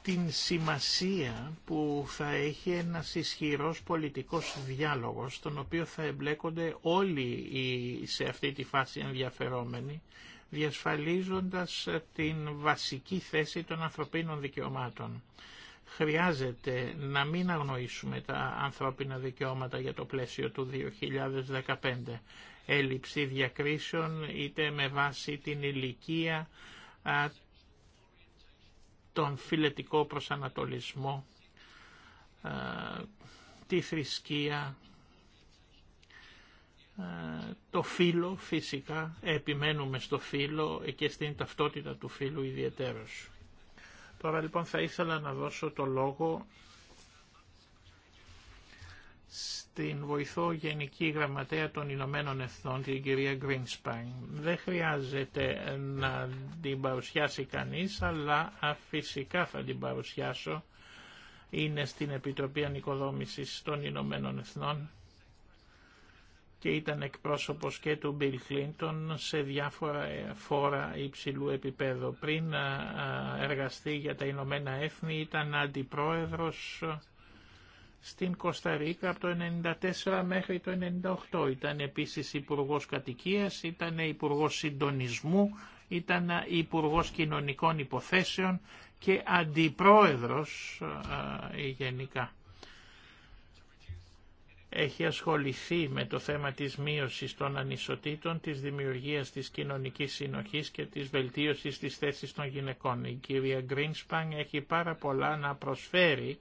την σημασία που θα έχει ένας ισχυρός πολιτικός διάλογος, στον οποίο θα εμπλέκονται όλοι οι, σε αυτή τη φάση ενδιαφερόμενοι, διασφαλίζοντας την βασική θέση των ανθρωπίνων δικαιωμάτων. Χρειάζεται να μην αγνοήσουμε τα ανθρώπινα δικαιώματα για το πλαίσιο του 2015. Έλλειψη διακρίσεων είτε με βάση την ηλικία, τον φιλετικό προσανατολισμό, τη θρησκεία, το φίλο φυσικά, επιμένουμε στο φίλο και στην ταυτότητα του φίλου ιδιαίτερος. Τώρα λοιπόν θα ήθελα να δώσω το λόγο στην βοηθό Γενική Γραμματέα των Ηνωμένων Εθνών, την κυρία Γκρινσπάιν. Δεν χρειάζεται να την παρουσιάσει κανείς, αλλά φυσικά θα την παρουσιάσω. Είναι στην Επιτροπή Ανοικοδόμησης των Ηνωμένων Εθνών και ήταν εκπρόσωπος και του Μπιλ Κλίντον σε διάφορα ε, φόρα υψηλού επίπεδου. Πριν εργαστεί για τα Ηνωμένα Έθνη ήταν αντιπρόεδρος στην Κωνσταντίνα από το 1994 μέχρι το 1998. Ήταν επίσης Υπουργός Κατοικίας, ήταν Υπουργός Συντονισμού, ήταν Υπουργός Κοινωνικών Υποθέσεων και Αντιπρόεδρος α, γενικά. Έχει ασχοληθεί με το θέμα της μείωσης των ανισοτήτων, της δημιουργίας της κοινωνικής συνοχής και της βελτίωσης της θέσης των γυναικών. Η κυρία Γκρίνσπαν έχει πάρα πολλά να προσφέρει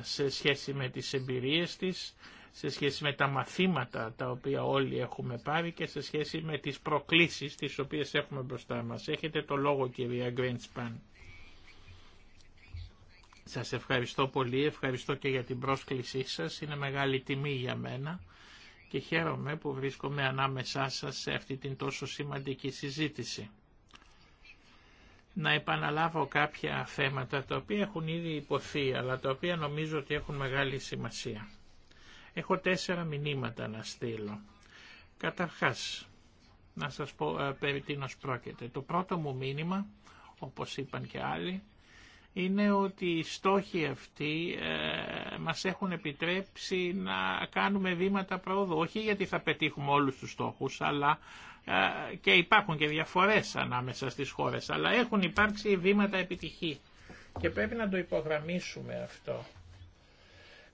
σε σχέση με τις εμπειρίες της, σε σχέση με τα μαθήματα τα οποία όλοι έχουμε πάρει και σε σχέση με τις προκλήσεις τις οποίες έχουμε μπροστά μας. Έχετε το λόγο κυρία Γκρίντσπαν. Σας ευχαριστώ πολύ, ευχαριστώ και για την πρόσκλησή σας, είναι μεγάλη τιμή για μένα και χαίρομαι που βρίσκομαι ανάμεσά σας σε αυτή την τόσο σημαντική συζήτηση να επαναλάβω κάποια θέματα τα οποία έχουν ήδη υποθεί, αλλά τα οποία νομίζω ότι έχουν μεγάλη σημασία. Έχω τέσσερα μηνύματα να στείλω. Καταρχάς, να σας πω ε, περί τίνος πρόκειται. Το πρώτο μου μήνυμα, όπως είπαν και άλλοι, είναι ότι οι στόχοι αυτοί ε, μας έχουν επιτρέψει να κάνουμε βήματα πρόοδου, όχι γιατί θα πετύχουμε όλους τους στόχους, αλλά ε, και υπάρχουν και διαφορές ανάμεσα στις χώρες, αλλά έχουν υπάρξει βήματα επιτυχή. Και πρέπει να το υπογραμμίσουμε αυτό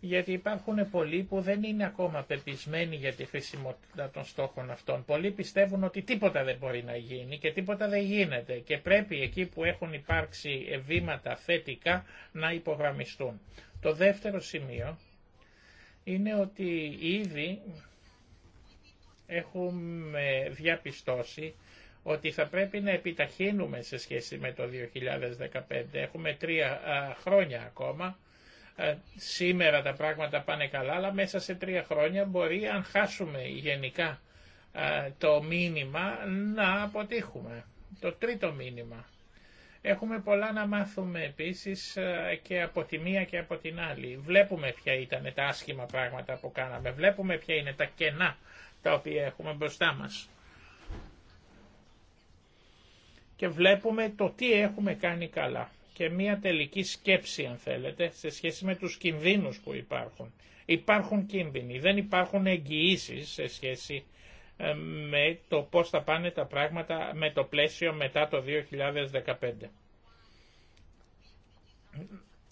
γιατί υπάρχουν πολλοί που δεν είναι ακόμα πεπισμένοι για τη χρησιμότητα των στόχων αυτών. Πολλοί πιστεύουν ότι τίποτα δεν μπορεί να γίνει και τίποτα δεν γίνεται και πρέπει εκεί που έχουν υπάρξει βήματα θετικά να υπογραμμιστούν. Το δεύτερο σημείο είναι ότι ήδη έχουμε διαπιστώσει ότι θα πρέπει να επιταχύνουμε σε σχέση με το 2015. Έχουμε τρία χρόνια ακόμα ε, σήμερα τα πράγματα πάνε καλά, αλλά μέσα σε τρία χρόνια μπορεί, αν χάσουμε γενικά ε, το μήνυμα, να αποτύχουμε. Το τρίτο μήνυμα. Έχουμε πολλά να μάθουμε επίσης ε, και από τη μία και από την άλλη. Βλέπουμε ποια ήταν τα άσχημα πράγματα που κάναμε, βλέπουμε ποια είναι τα κενά τα οποία έχουμε μπροστά μας. Και βλέπουμε το τι έχουμε κάνει καλά και μία τελική σκέψη αν θέλετε σε σχέση με τους κινδύνους που υπάρχουν. Υπάρχουν κίνδυνοι, δεν υπάρχουν εγγυήσει σε σχέση ε, με το πώς θα πάνε τα πράγματα με το πλαίσιο μετά το 2015.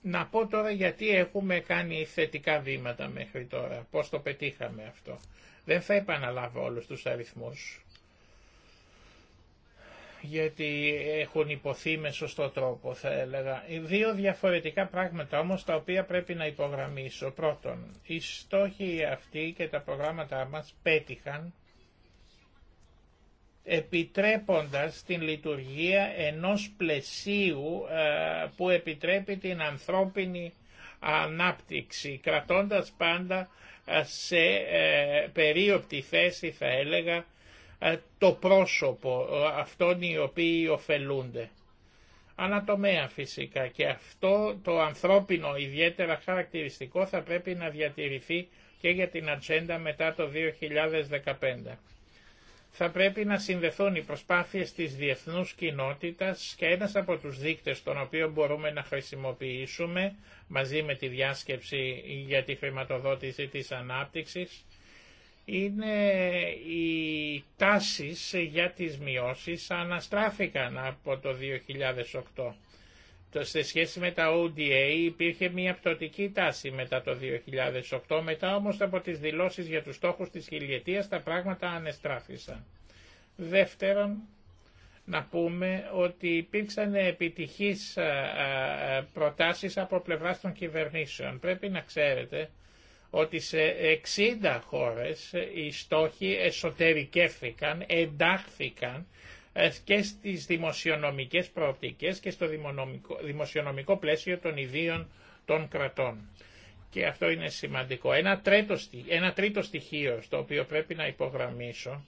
Να πω τώρα γιατί έχουμε κάνει θετικά βήματα μέχρι τώρα, πώς το πετύχαμε αυτό. Δεν θα επαναλάβω όλους τους αριθμούς, γιατί έχουν υποθεί με σωστό τρόπο θα έλεγα. Δύο διαφορετικά πράγματα όμως τα οποία πρέπει να υπογραμμίσω. Πρώτον, οι στόχοι αυτοί και τα προγράμματα μας πέτυχαν επιτρέποντας την λειτουργία ενός πλαισίου ε, που επιτρέπει την ανθρώπινη ανάπτυξη, κρατώντας πάντα ε, σε ε, περίοπτη θέση θα έλεγα ε, το πρόσωπο ε, αυτών οι οποίοι ωφελούνται. Ανατομέα φυσικά και αυτό το ανθρώπινο ιδιαίτερα χαρακτηριστικό θα πρέπει να διατηρηθεί και για την ατζέντα μετά το 2015. Θα πρέπει να συνδεθούν οι προσπάθειες της διεθνούς κοινότητας και ένας από τους δείκτες τον οποίο μπορούμε να χρησιμοποιήσουμε μαζί με τη διάσκεψη για τη χρηματοδότηση της ανάπτυξης είναι οι τάσεις για τις μειώσεις αναστράφηκαν από το 2008. Σε σχέση με τα ODA υπήρχε μια πτωτική τάση μετά το 2008, μετά όμως από τις δηλώσεις για τους στόχους της χιλιετίας τα πράγματα αναστράφησαν. Δεύτερον, να πούμε ότι υπήρξαν επιτυχείς ε, ε, προτάσεις από πλευράς των κυβερνήσεων. Πρέπει να ξέρετε ότι σε 60 χώρες οι στόχοι εσωτερικεύθηκαν, εντάχθηκαν ε, και στις δημοσιονομικές προοπτικές και στο δημοσιονομικό πλαίσιο των ιδίων των κρατών. Και αυτό είναι σημαντικό. Ένα, τρίτο, ένα τρίτο στοιχείο στο οποίο πρέπει να υπογραμμίσω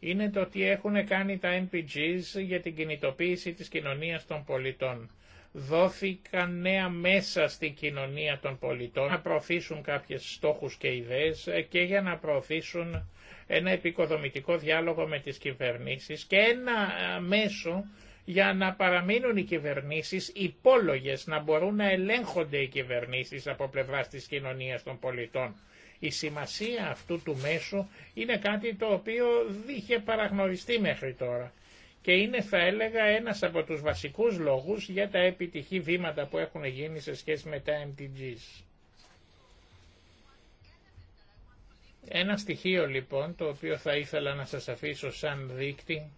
είναι το ότι έχουν κάνει τα NPGs για την κινητοποίηση της κοινωνίας των πολιτών δόθηκαν νέα μέσα στην κοινωνία των πολιτών να προωθήσουν κάποιες στόχους και ιδέες ε, και για να προωθήσουν ένα επικοδομητικό διάλογο με τις κυβερνήσεις και ένα ε, μέσο για να παραμείνουν οι κυβερνήσεις υπόλογες, να μπορούν να ελέγχονται οι κυβερνήσεις από πλευράς της κοινωνίας των πολιτών. Η σημασία αυτού του μέσου είναι κάτι το οποίο είχε παραγνωριστεί μέχρι τώρα και είναι θα έλεγα ένας από τους βασικούς λόγους για τα επιτυχή βήματα που έχουν γίνει σε σχέση με τα MTGs. Ένα στοιχείο λοιπόν το οποίο θα ήθελα να σας αφήσω σαν δείκτη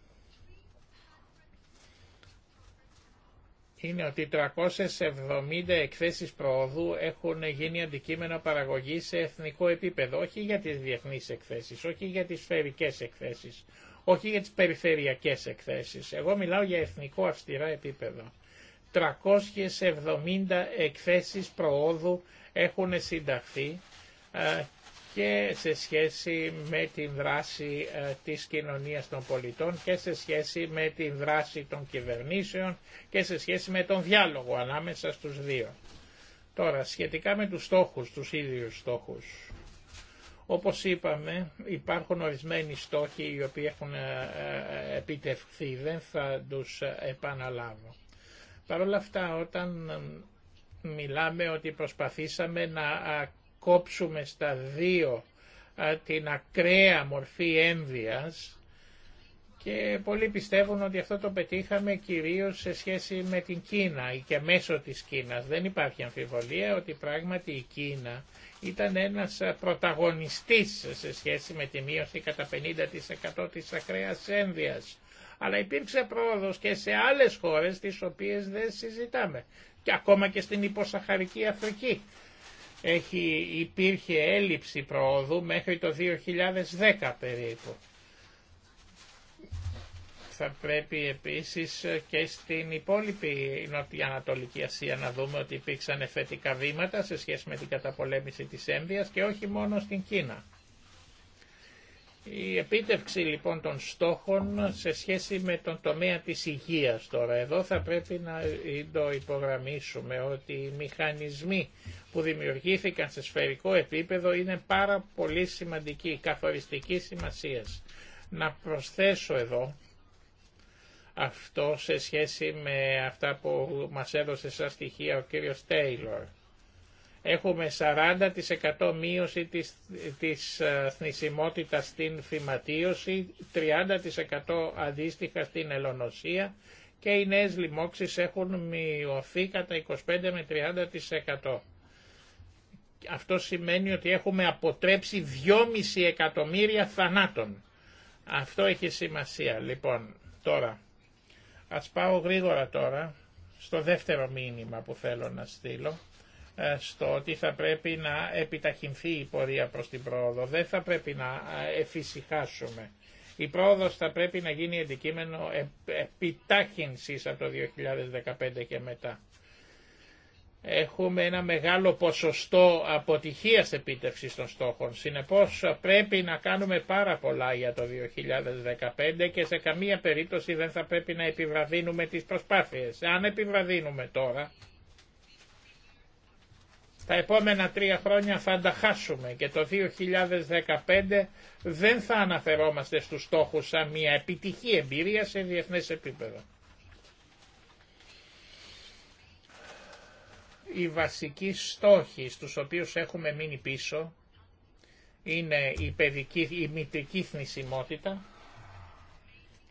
είναι ότι 370 εκθέσεις προόδου έχουν γίνει αντικείμενο παραγωγής σε εθνικό επίπεδο, όχι για τις διεθνείς εκθέσεις, όχι για τις σφαιρικές εκθέσεις, όχι για τις περιφερειακές εκθέσεις. Εγώ μιλάω για εθνικό αυστηρά επίπεδο. 370 εκθέσεις προόδου έχουν συνταχθεί ε, και σε σχέση με την δράση ε, της κοινωνίας των πολιτών και σε σχέση με την δράση των κυβερνήσεων και σε σχέση με τον διάλογο ανάμεσα στους δύο. Τώρα, σχετικά με τους στόχους, τους ίδιους στόχους. Όπως είπαμε, υπάρχουν ορισμένοι στόχοι οι οποίοι έχουν ε, ε, επιτευχθεί, δεν θα τους επαναλάβω. Παρ' όλα αυτά, όταν ε, μιλάμε ότι προσπαθήσαμε να κόψουμε στα δύο την ακραία μορφή ένδυας, και πολλοί πιστεύουν ότι αυτό το πετύχαμε κυρίως σε σχέση με την Κίνα ή και μέσω της Κίνας. Δεν υπάρχει αμφιβολία ότι πράγματι η Κίνα ήταν ένας πρωταγωνιστής σε σχέση με τη μείωση κατά 50% της ακραίας ένδυας. Αλλά υπήρξε πρόοδος και σε άλλες χώρες τις οποίες δεν συζητάμε. Και ακόμα και στην υποσαχαρική Αφρική. Έχει, υπήρχε έλλειψη προόδου μέχρι το 2010 περίπου θα πρέπει επίσης και στην υπόλοιπη Νοτιοανατολική Ασία να δούμε ότι υπήρξαν εφετικά βήματα σε σχέση με την καταπολέμηση της ένδυας και όχι μόνο στην Κίνα. Η επίτευξη λοιπόν των στόχων σε σχέση με τον τομέα της υγείας τώρα. Εδώ θα πρέπει να το υπογραμμίσουμε ότι οι μηχανισμοί που δημιουργήθηκαν σε σφαιρικό επίπεδο είναι πάρα πολύ σημαντικοί, καθοριστική σημασίας. Να προσθέσω εδώ αυτό σε σχέση με αυτά που μας έδωσε σαν στοιχεία ο κύριος Τέιλορ. Έχουμε 40% μείωση της, της ε, θνησιμότητας στην φυματίωση, 30% αντίστοιχα στην ελονοσία και οι νέες λοιμώξεις έχουν μειωθεί κατά 25 με 30%. Αυτό σημαίνει ότι έχουμε αποτρέψει 2,5 εκατομμύρια θανάτων. Αυτό έχει σημασία. Λοιπόν, τώρα Ας πάω γρήγορα τώρα στο δεύτερο μήνυμα που θέλω να στείλω ε, στο ότι θα πρέπει να επιταχυνθεί η πορεία προς την πρόοδο. Δεν θα πρέπει να ε, εφησυχάσουμε. Η πρόοδος θα πρέπει να γίνει αντικείμενο επιτάχυνσης από το 2015 και μετά έχουμε ένα μεγάλο ποσοστό αποτυχίας επίτευξης των στόχων. Συνεπώς πρέπει να κάνουμε πάρα πολλά για το 2015 και σε καμία περίπτωση δεν θα πρέπει να επιβραδύνουμε τις προσπάθειες. Αν επιβραδύνουμε τώρα, τα επόμενα τρία χρόνια θα τα χάσουμε και το 2015 δεν θα αναφερόμαστε στους στόχους σαν μια επιτυχή εμπειρία σε διεθνές επίπεδο. οι βασικοί στόχοι στους οποίους έχουμε μείνει πίσω είναι η, παιδική, η μητρική θνησιμότητα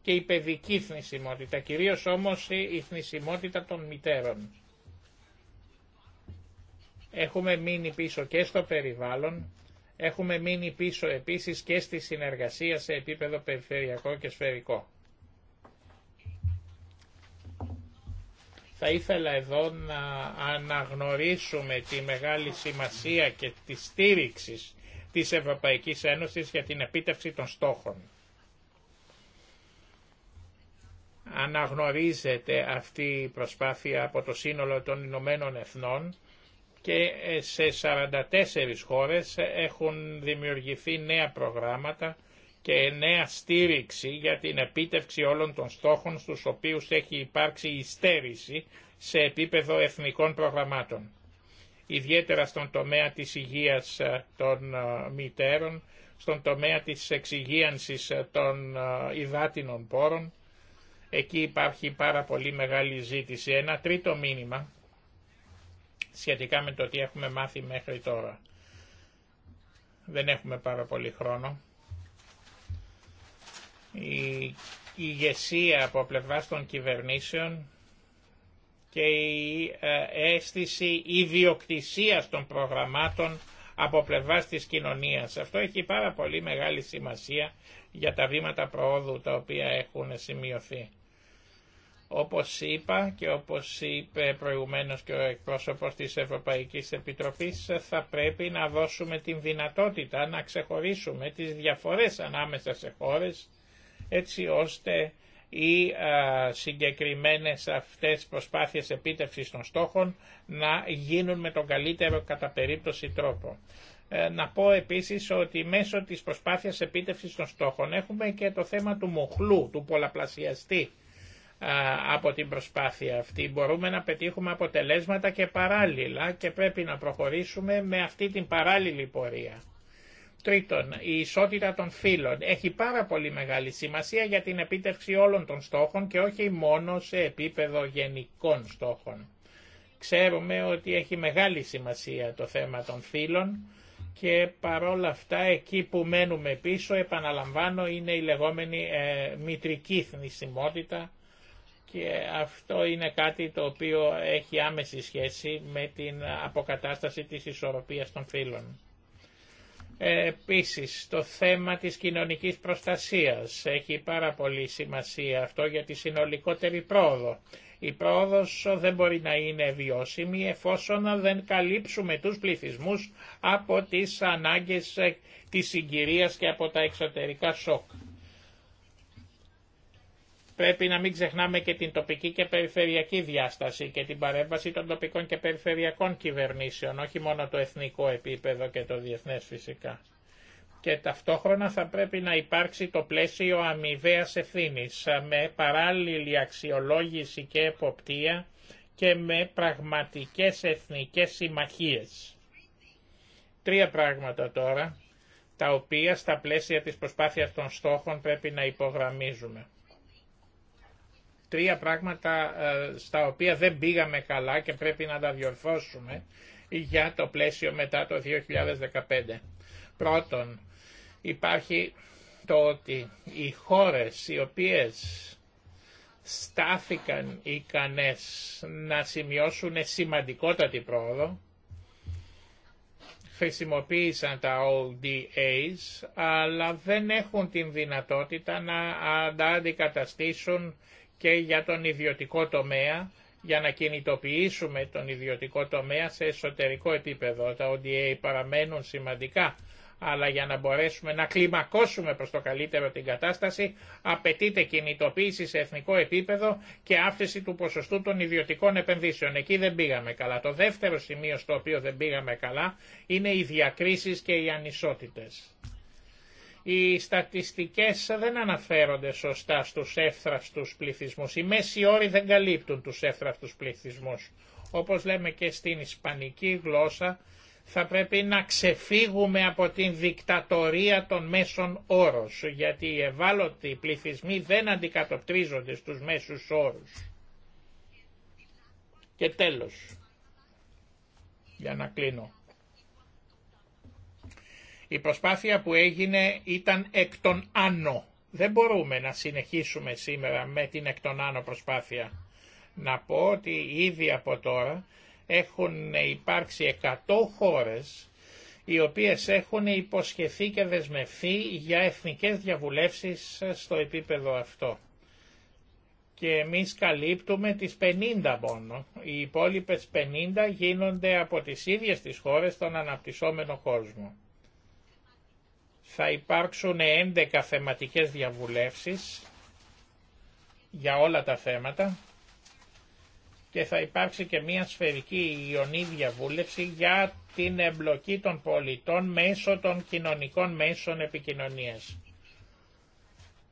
και η παιδική θνησιμότητα, κυρίως όμως η θνησιμότητα των μητέρων. Έχουμε μείνει πίσω και στο περιβάλλον, έχουμε μείνει πίσω επίσης και στη συνεργασία σε επίπεδο περιφερειακό και σφαιρικό. Θα ήθελα εδώ να αναγνωρίσουμε τη μεγάλη σημασία και τη στήριξη της Ευρωπαϊκής Ένωσης για την επίτευξη των στόχων. Αναγνωρίζεται αυτή η προσπάθεια από το σύνολο των Ηνωμένων Εθνών και σε 44 χώρες έχουν δημιουργηθεί νέα προγράμματα και νέα στήριξη για την επίτευξη όλων των στόχων στους οποίους έχει υπάρξει η σε επίπεδο εθνικών προγραμμάτων. Ιδιαίτερα στον τομέα της υγείας ε, των ε, μητέρων, στον τομέα της εξυγίανσης ε, των υδάτινων πόρων, εκεί υπάρχει πάρα πολύ μεγάλη ζήτηση. Ένα τρίτο μήνυμα σχετικά με το τι έχουμε μάθει μέχρι τώρα. Δεν έχουμε πάρα πολύ χρόνο η ηγεσία από πλευράς των κυβερνήσεων και η ε, αίσθηση ιδιοκτησίας των προγραμμάτων από πλευράς της κοινωνίας. Αυτό έχει πάρα πολύ μεγάλη σημασία για τα βήματα προόδου τα οποία έχουν σημειωθεί. Όπως είπα και όπως είπε προηγουμένως και ο εκπρόσωπος της Ευρωπαϊκής Επιτροπής θα πρέπει να δώσουμε την δυνατότητα να ξεχωρίσουμε τις διαφορές ανάμεσα σε χώρες έτσι ώστε οι συγκεκριμένες αυτές προσπάθειες επίτευξης των στόχων να γίνουν με τον καλύτερο κατά περίπτωση τρόπο. Ε, να πω επίσης ότι μέσω της προσπάθειας επίτευξης των στόχων έχουμε και το θέμα του μοχλού, του πολλαπλασιαστή από την προσπάθεια αυτή. Μπορούμε να πετύχουμε αποτελέσματα και παράλληλα και πρέπει να προχωρήσουμε με αυτή την παράλληλη πορεία. Τρίτον, η ισότητα των φύλων έχει πάρα πολύ μεγάλη σημασία για την επίτευξη όλων των στόχων και όχι μόνο σε επίπεδο γενικών στόχων. Ξέρουμε ότι έχει μεγάλη σημασία το θέμα των φύλων και παρόλα αυτά εκεί που μένουμε πίσω, επαναλαμβάνω, είναι η λεγόμενη ε, μητρική θνησιμότητα και αυτό είναι κάτι το οποίο έχει άμεση σχέση με την αποκατάσταση της ισορροπίας των φύλων. Ε, επίσης, το θέμα της κοινωνικής προστασίας έχει πάρα πολύ σημασία αυτό για τη συνολικότερη πρόοδο. Η πρόοδος δεν μπορεί να είναι βιώσιμη εφόσον δεν καλύψουμε τους πληθυσμούς από τις ανάγκες ε, της συγκυρίας και από τα εξωτερικά σοκ. Πρέπει να μην ξεχνάμε και την τοπική και περιφερειακή διάσταση και την παρέμβαση των τοπικών και περιφερειακών κυβερνήσεων, όχι μόνο το εθνικό επίπεδο και το διεθνές φυσικά. Και ταυτόχρονα θα πρέπει να υπάρξει το πλαίσιο αμοιβαία ευθύνη με παράλληλη αξιολόγηση και εποπτεία και με πραγματικές εθνικές συμμαχίες. Τρία πράγματα τώρα, τα οποία στα πλαίσια της προσπάθειας των στόχων πρέπει να υπογραμμίζουμε τρία πράγματα ε, στα οποία δεν πήγαμε καλά και πρέπει να τα διορθώσουμε για το πλαίσιο μετά το 2015. Πρώτον, υπάρχει το ότι οι χώρες οι οποίες στάθηκαν ικανές να σημειώσουν σημαντικότατη πρόοδο, χρησιμοποίησαν τα ODAs, αλλά δεν έχουν την δυνατότητα να τα αντικαταστήσουν και για τον ιδιωτικό τομέα, για να κινητοποιήσουμε τον ιδιωτικό τομέα σε εσωτερικό επίπεδο. Τα ODA παραμένουν σημαντικά, αλλά για να μπορέσουμε να κλιμακώσουμε προς το καλύτερο την κατάσταση, απαιτείται κινητοποίηση σε εθνικό επίπεδο και αύξηση του ποσοστού των ιδιωτικών επενδύσεων. Εκεί δεν πήγαμε καλά. Το δεύτερο σημείο στο οποίο δεν πήγαμε καλά είναι οι διακρίσεις και οι ανισότητες οι στατιστικές δεν αναφέρονται σωστά στους εύθραυστους πληθυσμούς. Οι μέσοι όροι δεν καλύπτουν τους εύθραυστους πληθυσμούς. Όπως λέμε και στην ισπανική γλώσσα, θα πρέπει να ξεφύγουμε από την δικτατορία των μέσων όρων, γιατί οι ευάλωτοι πληθυσμοί δεν αντικατοπτρίζονται στους μέσους όρους. Και τέλος, για να κλείνω. Η προσπάθεια που έγινε ήταν εκ των άνω. Δεν μπορούμε να συνεχίσουμε σήμερα με την εκ των άνω προσπάθεια. Να πω ότι ήδη από τώρα έχουν υπάρξει 100 χώρες οι οποίες έχουν υποσχεθεί και δεσμευθεί για εθνικές διαβουλεύσεις στο επίπεδο αυτό. Και εμείς καλύπτουμε τις 50 μόνο. Οι υπόλοιπες 50 γίνονται από τις ίδιες τις χώρες στον αναπτυσσόμενο κόσμο θα υπάρξουν 11 θεματικές διαβουλεύσεις για όλα τα θέματα και θα υπάρξει και μια σφαιρική ιονή διαβούλευση για την εμπλοκή των πολιτών μέσω των κοινωνικών μέσων επικοινωνίας.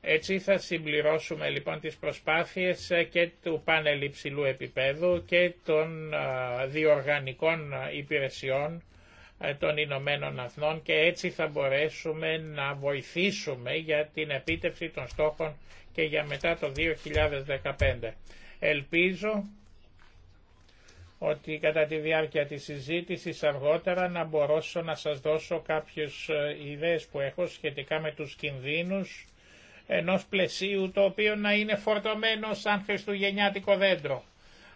Έτσι θα συμπληρώσουμε λοιπόν τις προσπάθειες και του πάνελ υψηλού επίπεδου και των διοργανικών υπηρεσιών ε, των Ηνωμένων Αθνών και έτσι θα μπορέσουμε να βοηθήσουμε για την επίτευξη των στόχων και για μετά το 2015. Ελπίζω ότι κατά τη διάρκεια της συζήτησης αργότερα να μπορώσω να σας δώσω κάποιες ε, ιδέες που έχω σχετικά με τους κινδύνους ενός πλαισίου το οποίο να είναι φορτωμένο σαν χριστουγεννιάτικο δέντρο.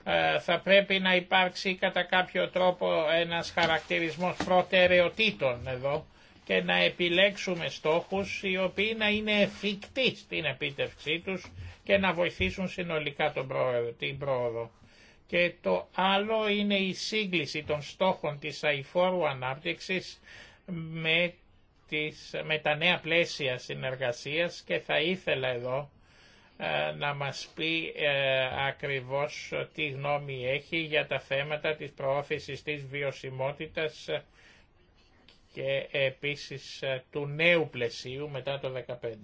Ε, θα πρέπει να υπάρξει κατά κάποιο τρόπο ένας χαρακτηρισμός προτεραιοτήτων εδώ και να επιλέξουμε στόχους οι οποίοι να είναι εφικτοί στην επίτευξή τους και να βοηθήσουν συνολικά τον πρόεδρο, την πρόοδο. Και το άλλο είναι η σύγκληση των στόχων της αηφόρου ανάπτυξης με, τις, με τα νέα πλαίσια συνεργασίας και θα ήθελα εδώ ε, να μας πει ε, ακριβώς τι γνώμη έχει για τα θέματα της προώθησης της βιωσιμότητας και επίσης ε, του νέου πλαισίου μετά το 2015.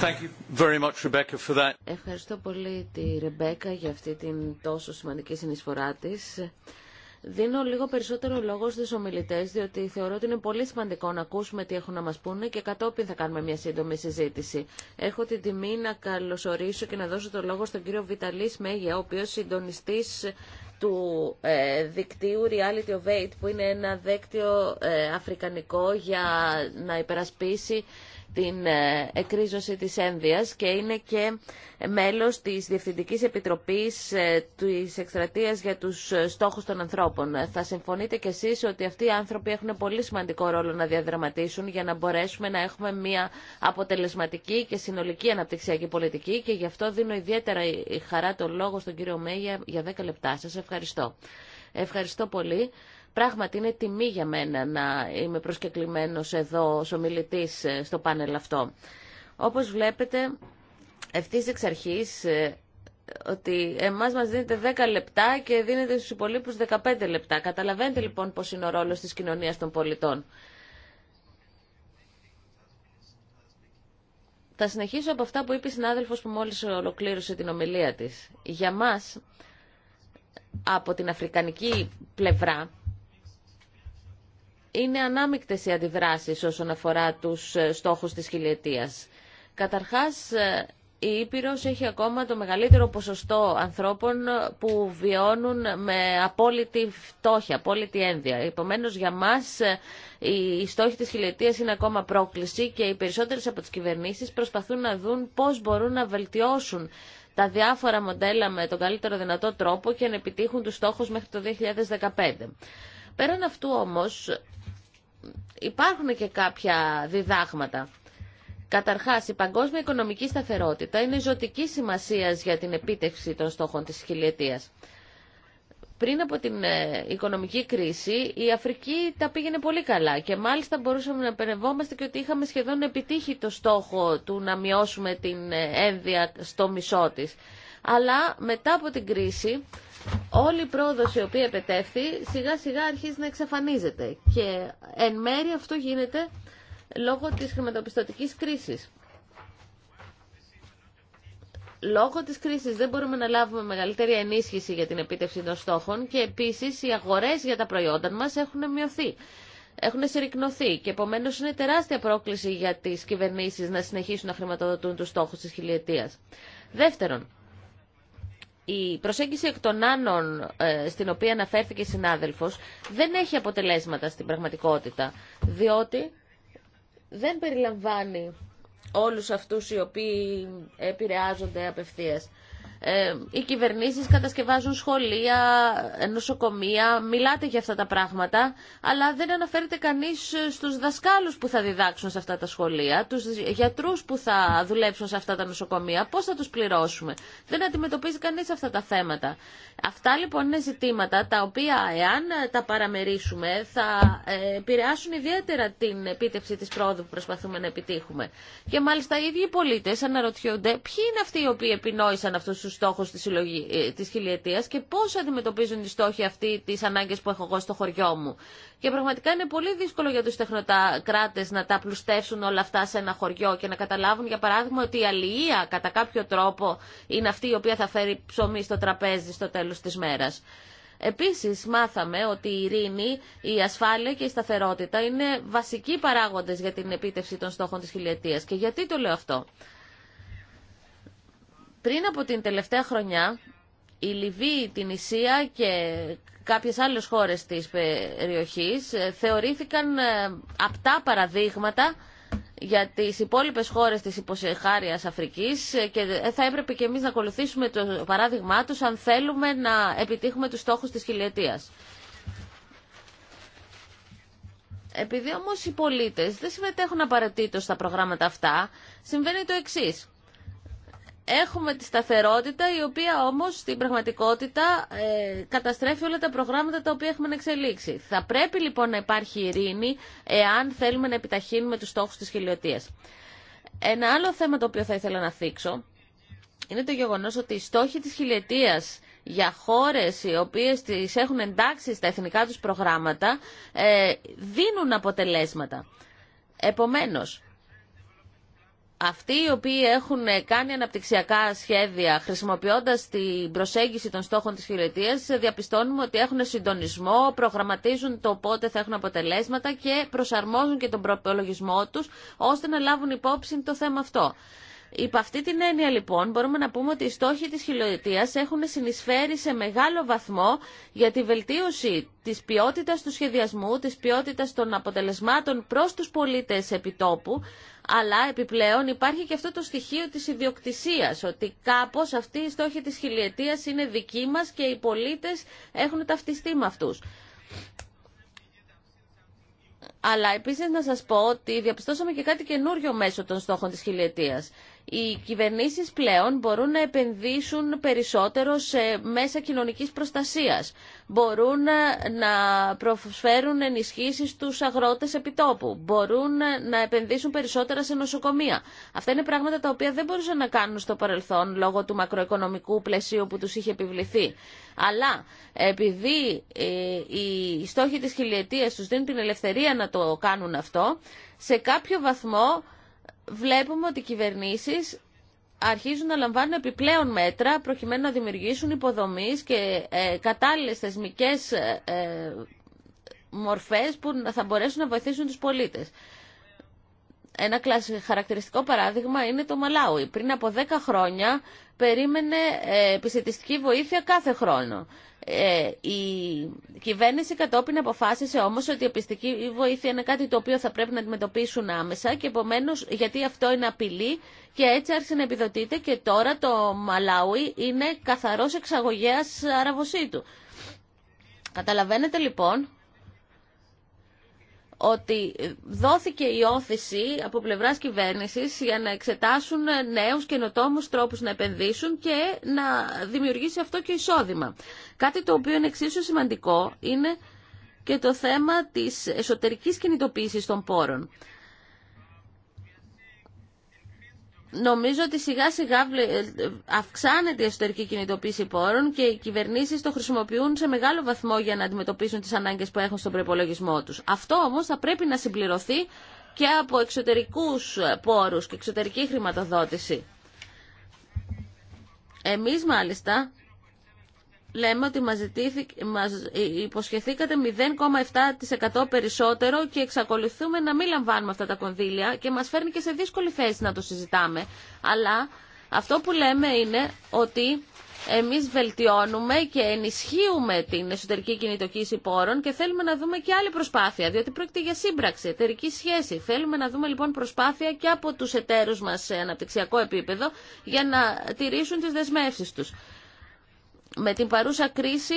Thank you very much, Rebecca, for Ευχαριστώ πολύ τη Ρεμπέκα για αυτή την τόσο σημαντική συνεισφορά της. Δίνω λίγο περισσότερο λόγο στου ομιλητέ, διότι θεωρώ ότι είναι πολύ σημαντικό να ακούσουμε τι έχουν να μας πούνε και κατόπιν θα κάνουμε μια σύντομη συζήτηση. Έχω την τιμή να καλωσορίσω και να δώσω το λόγο στον κύριο Βιταλή Μέγια, ο οποίο συντονιστή του ε, δικτύου Reality of Aid, που είναι ένα δέκτυο ε, αφρικανικό για να υπερασπίσει την ε, εκρίζωση της ένδυας και είναι και μέλος της Διευθυντικής Επιτροπής ε, της Εκστρατείας για τους ε, Στόχους των Ανθρώπων. Θα συμφωνείτε κι εσείς ότι αυτοί οι άνθρωποι έχουν πολύ σημαντικό ρόλο να διαδραματίσουν για να μπορέσουμε να έχουμε μια αποτελεσματική και συνολική αναπτυξιακή πολιτική και γι' αυτό δίνω ιδιαίτερα χαρά το λόγο στον κύριο Μέγια για 10 λεπτά. Σας ευχαριστώ. Ευχαριστώ πολύ. Πράγματι είναι τιμή για μένα να είμαι προσκεκλημένος εδώ ως ομιλητής ε, στο πάνελ αυτό. Όπως βλέπετε, ευθύς εξ αρχής ε, ότι εμάς μας δίνετε 10 λεπτά και δίνετε στους υπολείπους 15 λεπτά. Καταλαβαίνετε λοιπόν πώς είναι ο ρόλος της κοινωνίας των πολιτών. Θα συνεχίσω από αυτά που είπε η συνάδελφος που μόλις ολοκλήρωσε την ομιλία της. Για μας, από την αφρικανική πλευρά, είναι ανάμεικτες οι αντιδράσεις όσον αφορά τους ε, στόχους της χιλιετίας. Καταρχάς, ε, η Ήπειρος έχει ακόμα το μεγαλύτερο ποσοστό ανθρώπων ε, που βιώνουν με απόλυτη φτώχεια, απόλυτη ένδια. Επομένως για μας οι στόχοι της χιλιετίας είναι ακόμα πρόκληση και οι περισσότερες από τις κυβερνήσεις προσπαθούν να δουν πώς μπορούν να βελτιώσουν τα διάφορα μοντέλα με τον καλύτερο δυνατό τρόπο και να επιτύχουν τους στόχους μέχρι το 2015. Πέραν αυτού όμως, υπάρχουν και κάποια διδάγματα. Καταρχάς, η παγκόσμια οικονομική σταθερότητα είναι ζωτική σημασία για την επίτευξη των στόχων της χιλιετίας. Πριν από την ε, οικονομική κρίση, η Αφρική τα πήγαινε πολύ καλά και μάλιστα μπορούσαμε να επενευόμαστε και ότι είχαμε σχεδόν επιτύχει το στόχο του να μειώσουμε την ε, ένδια στο μισό της. Αλλά μετά από την κρίση όλη η πρόοδος η οποία επετεύχθη σιγά σιγά αρχίζει να εξαφανίζεται και εν μέρει αυτό γίνεται λόγω της χρηματοπιστωτικής κρίσης. Λόγω της κρίσης δεν μπορούμε να λάβουμε μεγαλύτερη ενίσχυση για την επίτευξη των στόχων και επίσης οι αγορές για τα προϊόντα μας έχουν μειωθεί έχουν συρρυκνωθεί και επομένως είναι τεράστια πρόκληση για τις κυβερνήσει να συνεχίσουν να χρηματοδοτούν τους στόχους της χιλιετίας. Δεύτερον, η προσέγγιση εκ των άνων ε, στην οποία αναφέρθηκε η συνάδελφος δεν έχει αποτελέσματα στην πραγματικότητα, διότι δεν περιλαμβάνει όλους αυτούς οι οποίοι επηρεάζονται απευθείας. Ε, οι κυβερνήσεις κατασκευάζουν σχολεία, νοσοκομεία, μιλάτε για αυτά τα πράγματα, αλλά δεν αναφέρεται κανείς στους δασκάλους που θα διδάξουν σε αυτά τα σχολεία, τους γιατρούς που θα δουλέψουν σε αυτά τα νοσοκομεία, πώς θα τους πληρώσουμε. Δεν αντιμετωπίζει κανείς αυτά τα θέματα. Αυτά λοιπόν είναι ζητήματα τα οποία εάν τα παραμερίσουμε θα ε, επηρεάσουν ιδιαίτερα την επίτευξη της πρόοδου που προσπαθούμε να επιτύχουμε. Και μάλιστα οι ίδιοι πολίτες αναρωτιούνται ποιοι είναι αυτοί οι οποίοι επινόησαν αυτούς τους στους στόχους της, ε, της χιλιετίας και πώς αντιμετωπίζουν οι στόχοι αυτοί τις ανάγκες που έχω εγώ στο χωριό μου. Και πραγματικά είναι πολύ δύσκολο για τους τεχνοκράτε να τα πλουστεύσουν όλα αυτά σε ένα χωριό και να καταλάβουν για παράδειγμα ότι η αλληλεία κατά κάποιο τρόπο είναι αυτή η οποία θα φέρει ψωμί στο τραπέζι στο τέλος της μέρας. Επίσης μάθαμε ότι η ειρήνη, η ασφάλεια και η σταθερότητα είναι βασικοί παράγοντες για την επίτευξη των στόχων της χιλιετίας. Και γιατί το λέω αυτό. Πριν από την τελευταία χρονιά, η Λιβύη, την Ισία και κάποιες άλλες χώρες της περιοχής ε, θεωρήθηκαν ε, απτά παραδείγματα για τις υπόλοιπες χώρες της υποσεχάριας Αφρικής ε, και θα έπρεπε και εμείς να ακολουθήσουμε το παράδειγμά τους αν θέλουμε να επιτύχουμε τους στόχους της χιλιετίας. Επειδή όμως οι πολίτες δεν συμμετέχουν απαραίτητο στα προγράμματα αυτά, συμβαίνει το εξής έχουμε τη σταθερότητα η οποία όμως στην πραγματικότητα ε, καταστρέφει όλα τα προγράμματα τα οποία έχουμε εξελίξει. Θα πρέπει λοιπόν να υπάρχει ειρήνη εάν θέλουμε να επιταχύνουμε τους στόχους της χιλιοτίας. Ένα άλλο θέμα το οποίο θα ήθελα να θίξω είναι το γεγονός ότι οι στόχοι της χιλιετίας για χώρες οι οποίες τις έχουν εντάξει στα εθνικά τους προγράμματα ε, δίνουν αποτελέσματα. Επομένως, αυτοί οι οποίοι έχουν κάνει αναπτυξιακά σχέδια χρησιμοποιώντας την προσέγγιση των στόχων της χιλιετίας διαπιστώνουμε ότι έχουν συντονισμό, προγραμματίζουν το πότε θα έχουν αποτελέσματα και προσαρμόζουν και τον προπολογισμό τους ώστε να λάβουν υπόψη το θέμα αυτό. Υπ' αυτή την έννοια λοιπόν μπορούμε να πούμε ότι οι στόχοι της χιλιοετίας έχουν συνεισφέρει σε μεγάλο βαθμό για τη βελτίωση της ποιότητας του σχεδιασμού, της ποιότητας των αποτελεσμάτων προς τους πολίτες επιτόπου, αλλά επιπλέον υπάρχει και αυτό το στοιχείο της ιδιοκτησίας, ότι κάπως αυτή η στόχη της χιλιετίας είναι δική μας και οι πολίτες έχουν ταυτιστεί με αυτούς. Αλλά επίσης να σας πω ότι διαπιστώσαμε και κάτι καινούριο μέσω των στόχων της χιλιετίας οι κυβερνήσεις πλέον μπορούν να επενδύσουν περισσότερο σε μέσα κοινωνικής προστασίας. Μπορούν να προσφέρουν ενισχύσεις στους αγρότες επιτόπου. Μπορούν να επενδύσουν περισσότερα σε νοσοκομεία. Αυτά είναι πράγματα τα οποία δεν μπορούσαν να κάνουν στο παρελθόν λόγω του μακροοικονομικού πλαισίου που τους είχε επιβληθεί. Αλλά επειδή ε, οι στόχοι της χιλιετίας τους δίνουν την ελευθερία να το κάνουν αυτό, σε κάποιο βαθμό βλέπουμε ότι οι κυβερνήσεις αρχίζουν να λαμβάνουν επιπλέον μέτρα προκειμένου να δημιουργήσουν υποδομής και ε, κατάλληλες θεσμικές ε, ε, μορφές που θα μπορέσουν να βοηθήσουν τους πολίτες. Ένα χαρακτηριστικό παράδειγμα είναι το Μαλάουι. Πριν από 10 χρόνια περίμενε ε, επιστημιστική βοήθεια κάθε χρόνο. Ε, η κυβέρνηση κατόπιν αποφάσισε όμως ότι η επιστητική βοήθεια είναι κάτι το οποίο θα πρέπει να αντιμετωπίσουν άμεσα και επομένως γιατί αυτό είναι απειλή και έτσι άρχισε να επιδοτείται και τώρα το Μαλάουι είναι καθαρός εξαγωγέας αραβοσίτου. Καταλαβαίνετε λοιπόν ότι δόθηκε η όθηση από πλευράς κυβέρνηση για να εξετάσουν νέους καινοτόμου τρόπους να επενδύσουν και να δημιουργήσει αυτό και εισόδημα. Κάτι το οποίο είναι εξίσου σημαντικό είναι και το θέμα της εσωτερικής κινητοποίησης των πόρων. Νομίζω ότι σιγά σιγά ε, αυξάνεται η εσωτερική κινητοποίηση πόρων και οι κυβερνήσεις το χρησιμοποιούν σε μεγάλο βαθμό για να αντιμετωπίσουν τις ανάγκες που έχουν στον προπολογισμό τους. Αυτό όμως θα πρέπει να συμπληρωθεί και από εξωτερικούς πόρους και εξωτερική χρηματοδότηση. Εμείς μάλιστα λέμε ότι μας, υποσχεθήκατε 0,7% περισσότερο και εξακολουθούμε να μην λαμβάνουμε αυτά τα κονδύλια και μας φέρνει και σε δύσκολη θέση να το συζητάμε. Αλλά αυτό που λέμε είναι ότι εμείς βελτιώνουμε και ενισχύουμε την εσωτερική κινητοποίηση πόρων και θέλουμε να δούμε και άλλη προσπάθεια, διότι πρόκειται για σύμπραξη, εταιρική σχέση. Θέλουμε να δούμε λοιπόν προσπάθεια και από τους εταίρους μας σε αναπτυξιακό επίπεδο για να τηρήσουν τις δεσμεύσεις τους με την παρούσα κρίση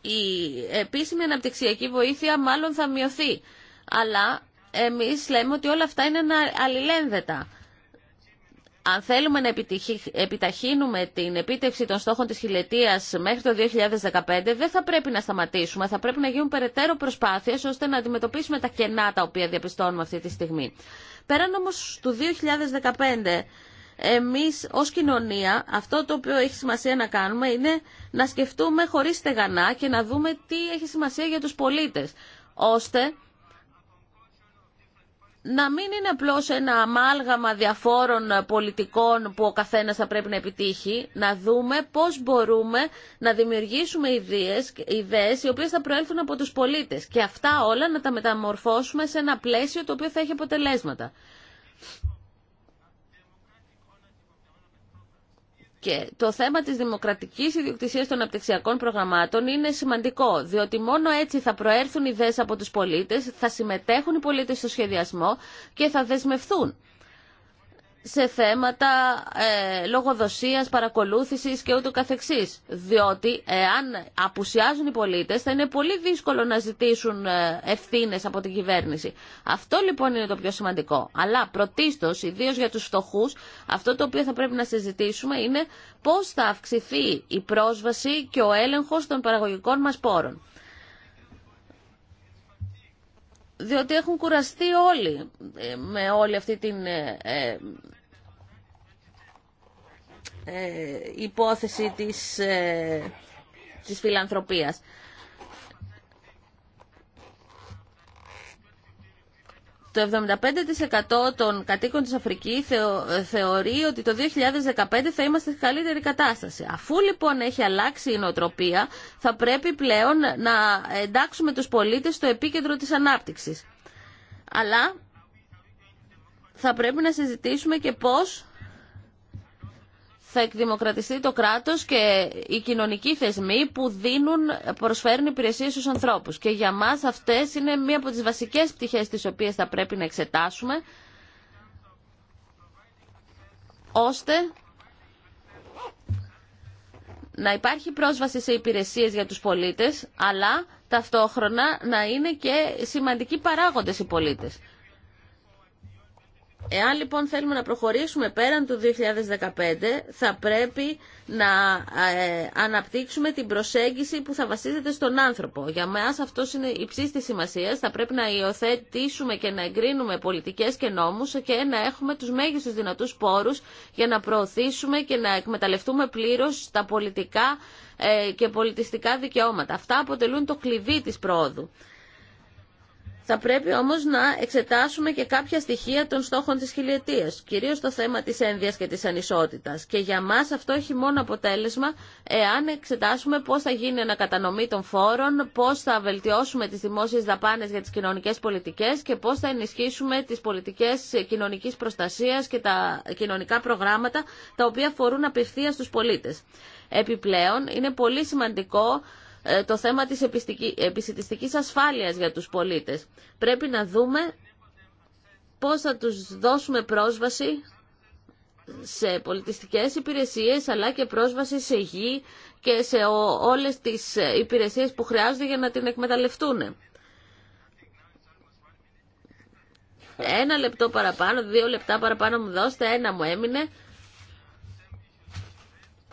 η επίσημη αναπτυξιακή βοήθεια μάλλον θα μειωθεί. Αλλά εμείς λέμε ότι όλα αυτά είναι αλληλένδετα. Αν θέλουμε να επιταχύνουμε την επίτευξη των στόχων της χιλετίας μέχρι το 2015, δεν θα πρέπει να σταματήσουμε, θα πρέπει να γίνουν περαιτέρω προσπάθειες ώστε να αντιμετωπίσουμε τα κενά τα οποία διαπιστώνουμε αυτή τη στιγμή. Πέραν όμως του 2015, εμείς ως κοινωνία αυτό το οποίο έχει σημασία να κάνουμε είναι να σκεφτούμε χωρίς στεγανά και να δούμε τι έχει σημασία για τους πολίτες, ώστε να μην είναι απλώς ένα αμάλγαμα διαφόρων πολιτικών που ο καθένας θα πρέπει να επιτύχει, να δούμε πώς μπορούμε να δημιουργήσουμε ιδέες, ιδέες οι οποίες θα προέλθουν από τους πολίτες και αυτά όλα να τα μεταμορφώσουμε σε ένα πλαίσιο το οποίο θα έχει αποτελέσματα. Και το θέμα της δημοκρατικής ιδιοκτησίας των απτυξιακών προγραμμάτων είναι σημαντικό, διότι μόνο έτσι θα προέρθουν ιδέες από τους πολίτες, θα συμμετέχουν οι πολίτες στο σχεδιασμό και θα δεσμευθούν σε θέματα ε, λογοδοσίας, παρακολούθησης και ούτω καθεξής. Διότι εάν απουσιάζουν οι πολίτες θα είναι πολύ δύσκολο να ζητήσουν ε, ευθύνε από την κυβέρνηση. Αυτό λοιπόν είναι το πιο σημαντικό. Αλλά πρωτίστως, ιδίω για τους φτωχούς αυτό το οποίο θα πρέπει να συζητήσουμε είναι πώς θα αυξηθεί η πρόσβαση και ο έλεγχος των παραγωγικών μας πόρων διότι έχουν κουραστεί όλοι ε, με όλη αυτή την ε, ε, υπόθεση της, ε, της φιλανθρωπίας. Το 75% των κατοίκων της Αφρικής θεωρεί ότι το 2015 θα είμαστε σε καλύτερη κατάσταση. Αφού λοιπόν έχει αλλάξει η νοοτροπία, θα πρέπει πλέον να εντάξουμε τους πολίτες στο επίκεντρο της ανάπτυξης. Αλλά θα πρέπει να συζητήσουμε και πώς θα εκδημοκρατιστεί το κράτος και οι κοινωνικοί θεσμοί που δίνουν, προσφέρουν υπηρεσίες στους ανθρώπους. Και για μας αυτές είναι μία από τις βασικές πτυχές τις οποίες θα πρέπει να εξετάσουμε, ώστε να υπάρχει πρόσβαση σε υπηρεσίες για τους πολίτες, αλλά ταυτόχρονα να είναι και σημαντικοί παράγοντες οι πολίτες. Εάν λοιπόν θέλουμε να προχωρήσουμε πέραν του 2015, θα πρέπει να ε, αναπτύξουμε την προσέγγιση που θα βασίζεται στον άνθρωπο. Για μας αυτό είναι υψής της σημασίας. Θα πρέπει να υιοθετήσουμε και να εγκρίνουμε πολιτικές και νόμους και να έχουμε τους μέγιστους δυνατούς πόρους για να προωθήσουμε και να εκμεταλλευτούμε πλήρως τα πολιτικά ε, και πολιτιστικά δικαιώματα. Αυτά αποτελούν το κλειδί της πρόοδου. Θα πρέπει όμως να εξετάσουμε και κάποια στοιχεία των στόχων της χιλιετίας, κυρίως το θέμα της ένδυας και της ανισότητας. Και για μας αυτό έχει μόνο αποτέλεσμα εάν εξετάσουμε πώς θα γίνει ανακατανομή των φόρων, πώς θα βελτιώσουμε τις δημόσιες δαπάνες για τις κοινωνικές πολιτικές και πώς θα ενισχύσουμε τις πολιτικές κοινωνικής προστασίας και τα κοινωνικά προγράμματα τα οποία φορούν απευθεία στους πολίτες. Επιπλέον, είναι πολύ σημαντικό ε, το θέμα της επισητιστικής ασφάλειας για τους πολίτες. Πρέπει να δούμε πώς θα τους δώσουμε πρόσβαση σε πολιτιστικές υπηρεσίες αλλά και πρόσβαση σε γη και σε όλες τις ε, υπηρεσίες που χρειάζονται για να την εκμεταλλευτούν. Ένα λεπτό παραπάνω, δύο λεπτά παραπάνω μου δώστε, ένα μου έμεινε.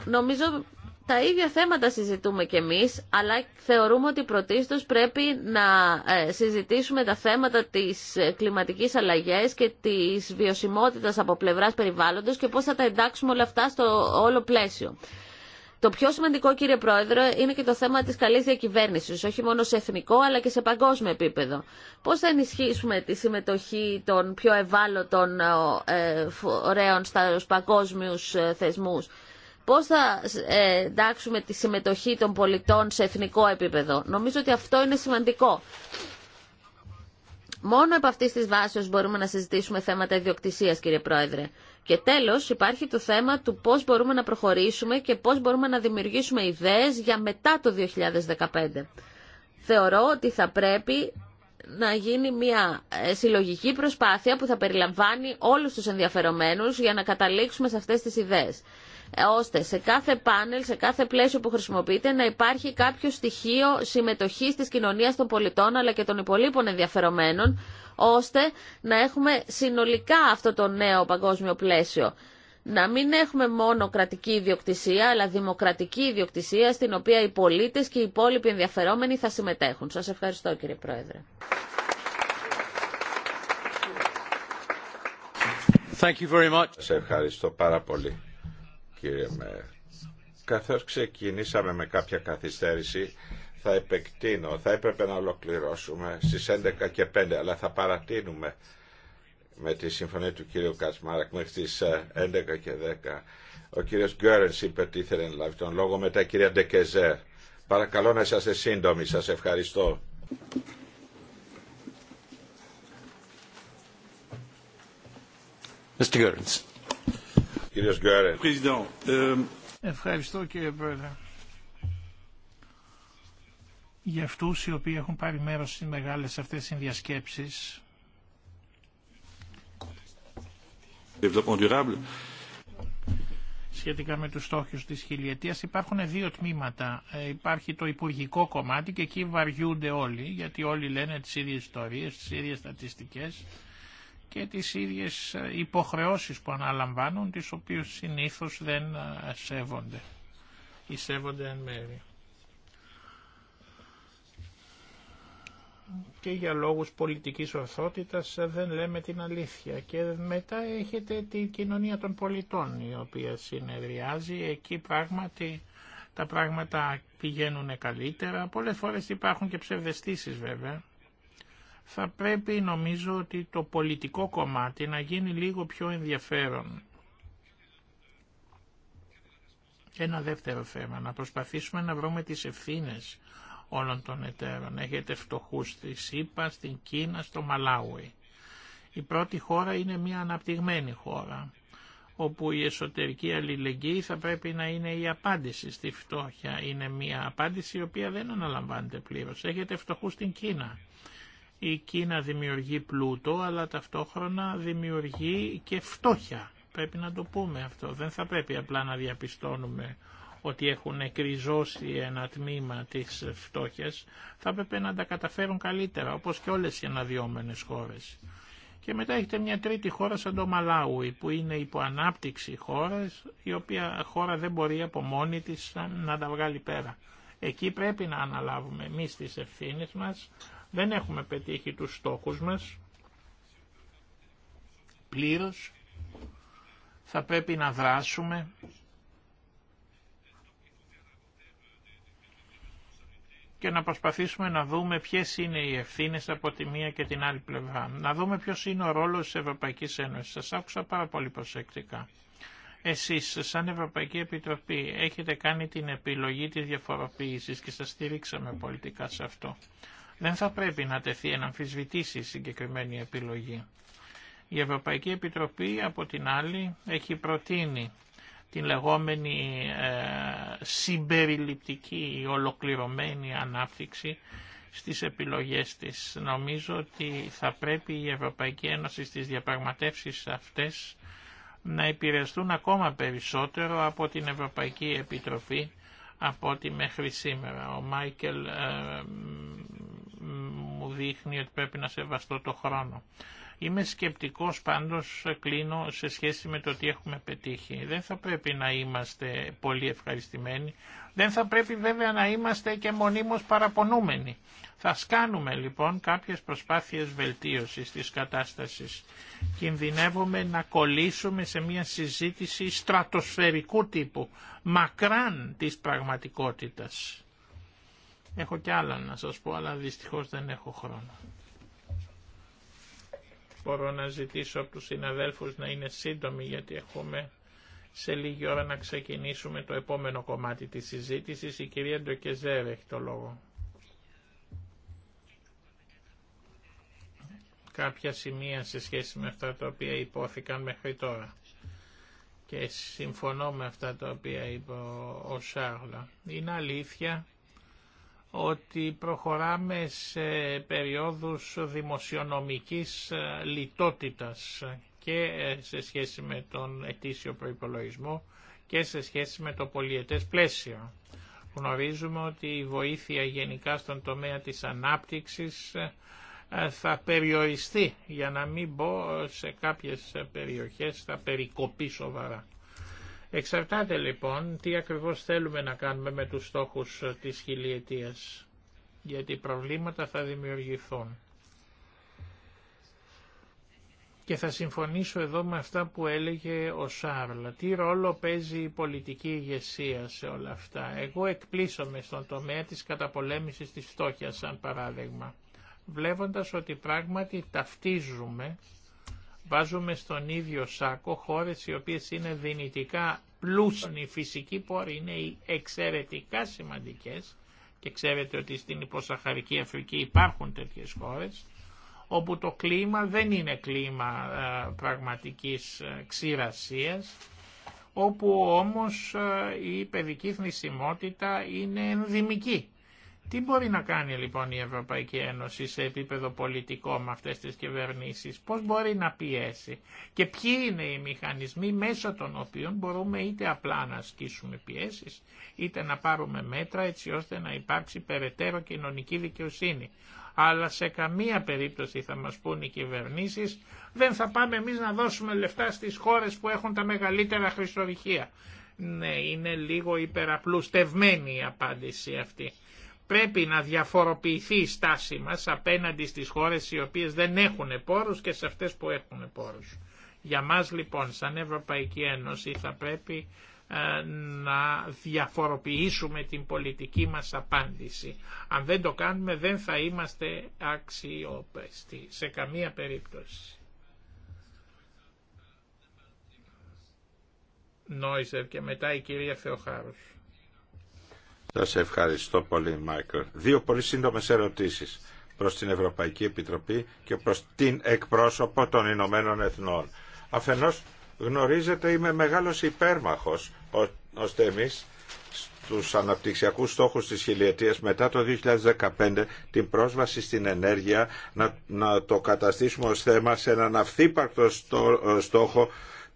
Νομίζω τα ίδια θέματα συζητούμε κι εμείς, αλλά θεωρούμε ότι πρωτίστως πρέπει να ε, συζητήσουμε τα θέματα της ε, κλιματικής αλλαγής και της βιωσιμότητας από πλευράς περιβάλλοντος και πώς θα τα εντάξουμε όλα αυτά στο όλο πλαίσιο. Το πιο σημαντικό, κύριε Πρόεδρε, είναι και το θέμα της καλής διακυβέρνησης, όχι μόνο σε εθνικό αλλά και σε παγκόσμιο επίπεδο. Πώς θα ενισχύσουμε τη συμμετοχή των πιο ευάλωτων ε, φορέων στου παγκόσμιου θεσμούς πώς θα ε, εντάξουμε τη συμμετοχή των πολιτών σε εθνικό επίπεδο. Νομίζω ότι αυτό είναι σημαντικό. Μόνο από αυτή τη βάση μπορούμε να συζητήσουμε θέματα ιδιοκτησία, κύριε Πρόεδρε. Και τέλο, υπάρχει το θέμα του πώ μπορούμε να προχωρήσουμε και πώ μπορούμε να δημιουργήσουμε ιδέε για μετά το 2015. Θεωρώ ότι θα πρέπει να γίνει μια ε, συλλογική προσπάθεια που θα περιλαμβάνει όλους τους ενδιαφερομένους για να καταλήξουμε σε αυτές τις ιδέες. Ε, ώστε σε κάθε πάνελ, σε κάθε πλαίσιο που χρησιμοποιείται να υπάρχει κάποιο στοιχείο συμμετοχής της κοινωνίας των πολιτών αλλά και των υπολείπων ενδιαφερομένων ώστε να έχουμε συνολικά αυτό το νέο παγκόσμιο πλαίσιο. Να μην έχουμε μόνο κρατική ιδιοκτησία, αλλά δημοκρατική ιδιοκτησία, στην οποία οι πολίτες και οι υπόλοιποι ενδιαφερόμενοι θα συμμετέχουν. Σας ευχαριστώ κύριε Πρόεδρε. Thank you very much. ευχαριστώ πάρα πολύ κύριε Μέρ. Καθώς ξεκινήσαμε με κάποια καθυστέρηση, θα επεκτείνω, θα έπρεπε να ολοκληρώσουμε στις 11 και 5, αλλά θα παρατείνουμε με τη συμφωνία του κύριου Κατσμάρακ μέχρι τις 11 ε, και 10. Ο κύριος Γκέρενς είπε ότι ήθελε να λάβει τον λόγο μετά η κυρία Ντεκεζέρ. Παρακαλώ να είσαστε σύντομοι. Σας ευχαριστώ. Mr. Euh, Ευχαριστώ κύριε Πρόεδρε. Για αυτούς οι οποίοι έχουν πάρει μέρος στις μεγάλες αυτές συνδιασκέψεις σχετικά με τους στόχους της χιλιετίας υπάρχουν δύο τμήματα. Ε, υπάρχει το υπουργικό κομμάτι και εκεί βαριούνται όλοι γιατί όλοι λένε τις ίδιες ιστορίες, τις ίδιες στατιστικές και τις ίδιες υποχρεώσεις που αναλαμβάνουν, τις οποίες συνήθως δεν ε, σέβονται ή σέβονται εν μέρη. και για λόγους πολιτικής ορθότητας ε, δεν λέμε την αλήθεια. Και μετά έχετε την κοινωνία των πολιτών η οποία συνεδριάζει. Εκεί πράγματι τα πράγματα πηγαίνουν καλύτερα. Πολλές φορές υπάρχουν και ψευδεστήσεις βέβαια θα πρέπει νομίζω ότι το πολιτικό κομμάτι να γίνει λίγο πιο ενδιαφέρον. Ένα δεύτερο θέμα, να προσπαθήσουμε να βρούμε τις ευθύνες όλων των εταίρων. Έχετε φτωχού στη ΣΥΠΑ, στην Κίνα, στο Μαλάουι. Η πρώτη χώρα είναι μια αναπτυγμένη χώρα, όπου η εσωτερική αλληλεγγύη θα πρέπει να είναι η απάντηση στη φτώχεια. Είναι μια απάντηση η οποία δεν αναλαμβάνεται πλήρως. Έχετε φτωχού στην Κίνα η Κίνα δημιουργεί πλούτο, αλλά ταυτόχρονα δημιουργεί και φτώχεια. Πρέπει να το πούμε αυτό. Δεν θα πρέπει απλά να διαπιστώνουμε ότι έχουν κρυζώσει ένα τμήμα της φτώχειας, θα έπρεπε να τα καταφέρουν καλύτερα, όπως και όλες οι αναδυόμενες χώρες. Και μετά έχετε μια τρίτη χώρα σαν το Μαλάουι, που είναι υπό ανάπτυξη χώρες η οποία χώρα δεν μπορεί από μόνη της να τα βγάλει πέρα. Εκεί πρέπει να αναλάβουμε εμεί τις ευθύνες μας, δεν έχουμε πετύχει τους στόχους μας πλήρως. Θα πρέπει να δράσουμε και να προσπαθήσουμε να δούμε ποιες είναι οι ευθύνες από τη μία και την άλλη πλευρά. Να δούμε ποιος είναι ο ρόλος της Ευρωπαϊκής Ένωσης. Σας άκουσα πάρα πολύ προσεκτικά. Εσείς, σαν Ευρωπαϊκή Επιτροπή, έχετε κάνει την επιλογή της διαφοροποίησης και σας στηρίξαμε πολιτικά σε αυτό. Δεν θα πρέπει να τεθεί να αμφισβητήσει συγκεκριμένη επιλογή. Η Ευρωπαϊκή Επιτροπή από την άλλη έχει προτείνει την λεγόμενη ε, συμπεριληπτική ή ολοκληρωμένη ανάπτυξη στις επιλογές της. Νομίζω ότι θα πρέπει η Ευρωπαϊκή Ένωση στις διαπραγματεύσεις αυτές να επηρεαστούν ακόμα περισσότερο από την Ευρωπαϊκή Επιτροπή από ό,τι μέχρι σήμερα. Ο Μάικελ ε, μου δείχνει ότι πρέπει να σεβαστώ το χρόνο. Είμαι σκεπτικός πάντως κλείνω σε σχέση με το τι έχουμε πετύχει. Δεν θα πρέπει να είμαστε πολύ ευχαριστημένοι. Δεν θα πρέπει βέβαια να είμαστε και μονίμως παραπονούμενοι. Θα σκάνουμε λοιπόν κάποιες προσπάθειες βελτίωσης της κατάστασης. Κινδυνεύουμε να κολλήσουμε σε μια συζήτηση στρατοσφαιρικού τύπου, μακράν της πραγματικότητας. Έχω κι άλλα να σας πω, αλλά δυστυχώς δεν έχω χρόνο. Μπορώ να ζητήσω από τους συναδέλφους να είναι σύντομοι, γιατί έχουμε σε λίγη ώρα να ξεκινήσουμε το επόμενο κομμάτι της συζήτησης. Η κυρία Ντοκεζέρ έχει το λόγο. κάποια σημεία σε σχέση με αυτά τα οποία υπόθηκαν μέχρι τώρα. Και συμφωνώ με αυτά τα οποία είπε ο Σάρλα. Είναι αλήθεια ότι προχωράμε σε περιόδους δημοσιονομικής ε, λιτότητας και ε, σε σχέση με τον ετήσιο προϋπολογισμό και σε σχέση με το πολιετές πλαίσιο. Γνωρίζουμε ότι η βοήθεια γενικά στον τομέα της ανάπτυξης ε, θα περιοριστεί, για να μην πω σε κάποιες περιοχές θα περικοπεί σοβαρά. Εξαρτάται λοιπόν τι ακριβώς θέλουμε να κάνουμε με τους στόχους ε, της χιλιετίας, γιατί προβλήματα θα δημιουργηθούν. Και θα συμφωνήσω εδώ με αυτά που έλεγε ο Σάρλα. Τι ρόλο παίζει η πολιτική ηγεσία σε όλα αυτά. Εγώ εκπλήσωμαι στον τομέα της καταπολέμησης της φτώχειας, σαν παράδειγμα, βλέποντας ότι πράγματι ταυτίζουμε βάζουμε στον ίδιο σάκο χώρες οι οποίες είναι δυνητικά πλούσιοι φυσικοί πόροι, είναι εξαιρετικά σημαντικές και ξέρετε ότι στην υποσαχαρική Αφρική υπάρχουν τέτοιες χώρες, όπου το κλίμα δεν είναι κλίμα ε, πραγματικής ε, ξηρασίας, όπου όμως ε, η παιδική θνησιμότητα είναι ενδυμική τι μπορεί να κάνει λοιπόν η Ευρωπαϊκή Ένωση σε επίπεδο πολιτικό με αυτές τις κυβερνήσεις, πώς μπορεί να πιέσει και ποιοι είναι οι μηχανισμοί μέσω των οποίων μπορούμε είτε απλά να ασκήσουμε πιέσεις, είτε να πάρουμε μέτρα έτσι ώστε να υπάρξει περαιτέρω κοινωνική δικαιοσύνη. Αλλά σε καμία περίπτωση θα μας πούν οι κυβερνήσεις δεν θα πάμε εμείς να δώσουμε λεφτά στις χώρες που έχουν τα μεγαλύτερα χρυσορυχεία. Ναι, είναι λίγο υπεραπλουστευμένη η απάντηση αυτή. Πρέπει να διαφοροποιηθεί η στάση μας απέναντι στις χώρες οι οποίες δεν έχουν πόρους και σε αυτές που έχουν πόρους. Για μας λοιπόν σαν Ευρωπαϊκή Ένωση θα πρέπει ε, να διαφοροποιήσουμε την πολιτική μας απάντηση. Αν δεν το κάνουμε δεν θα είμαστε αξιόπιστοι σε καμία περίπτωση. Νόιζερ και μετά η κυρία Θεοχάρου σα ευχαριστώ πολύ Μάικλ. Δύο πολύ σύντομε ερωτήσει προ την Ευρωπαϊκή Επιτροπή και προς την εκπρόσωπο των Ηνωμένων Εθνών. Αφενός γνωρίζετε είμαι μεγάλος υπέρμαχο ώστε εμεί στου αναπτυξιακού στόχου της χιλιετία μετά το 2015 την πρόσβαση στην ενέργεια να, να το καταστήσουμε ω θέμα σε έναν αυθύπαρκτο στόχο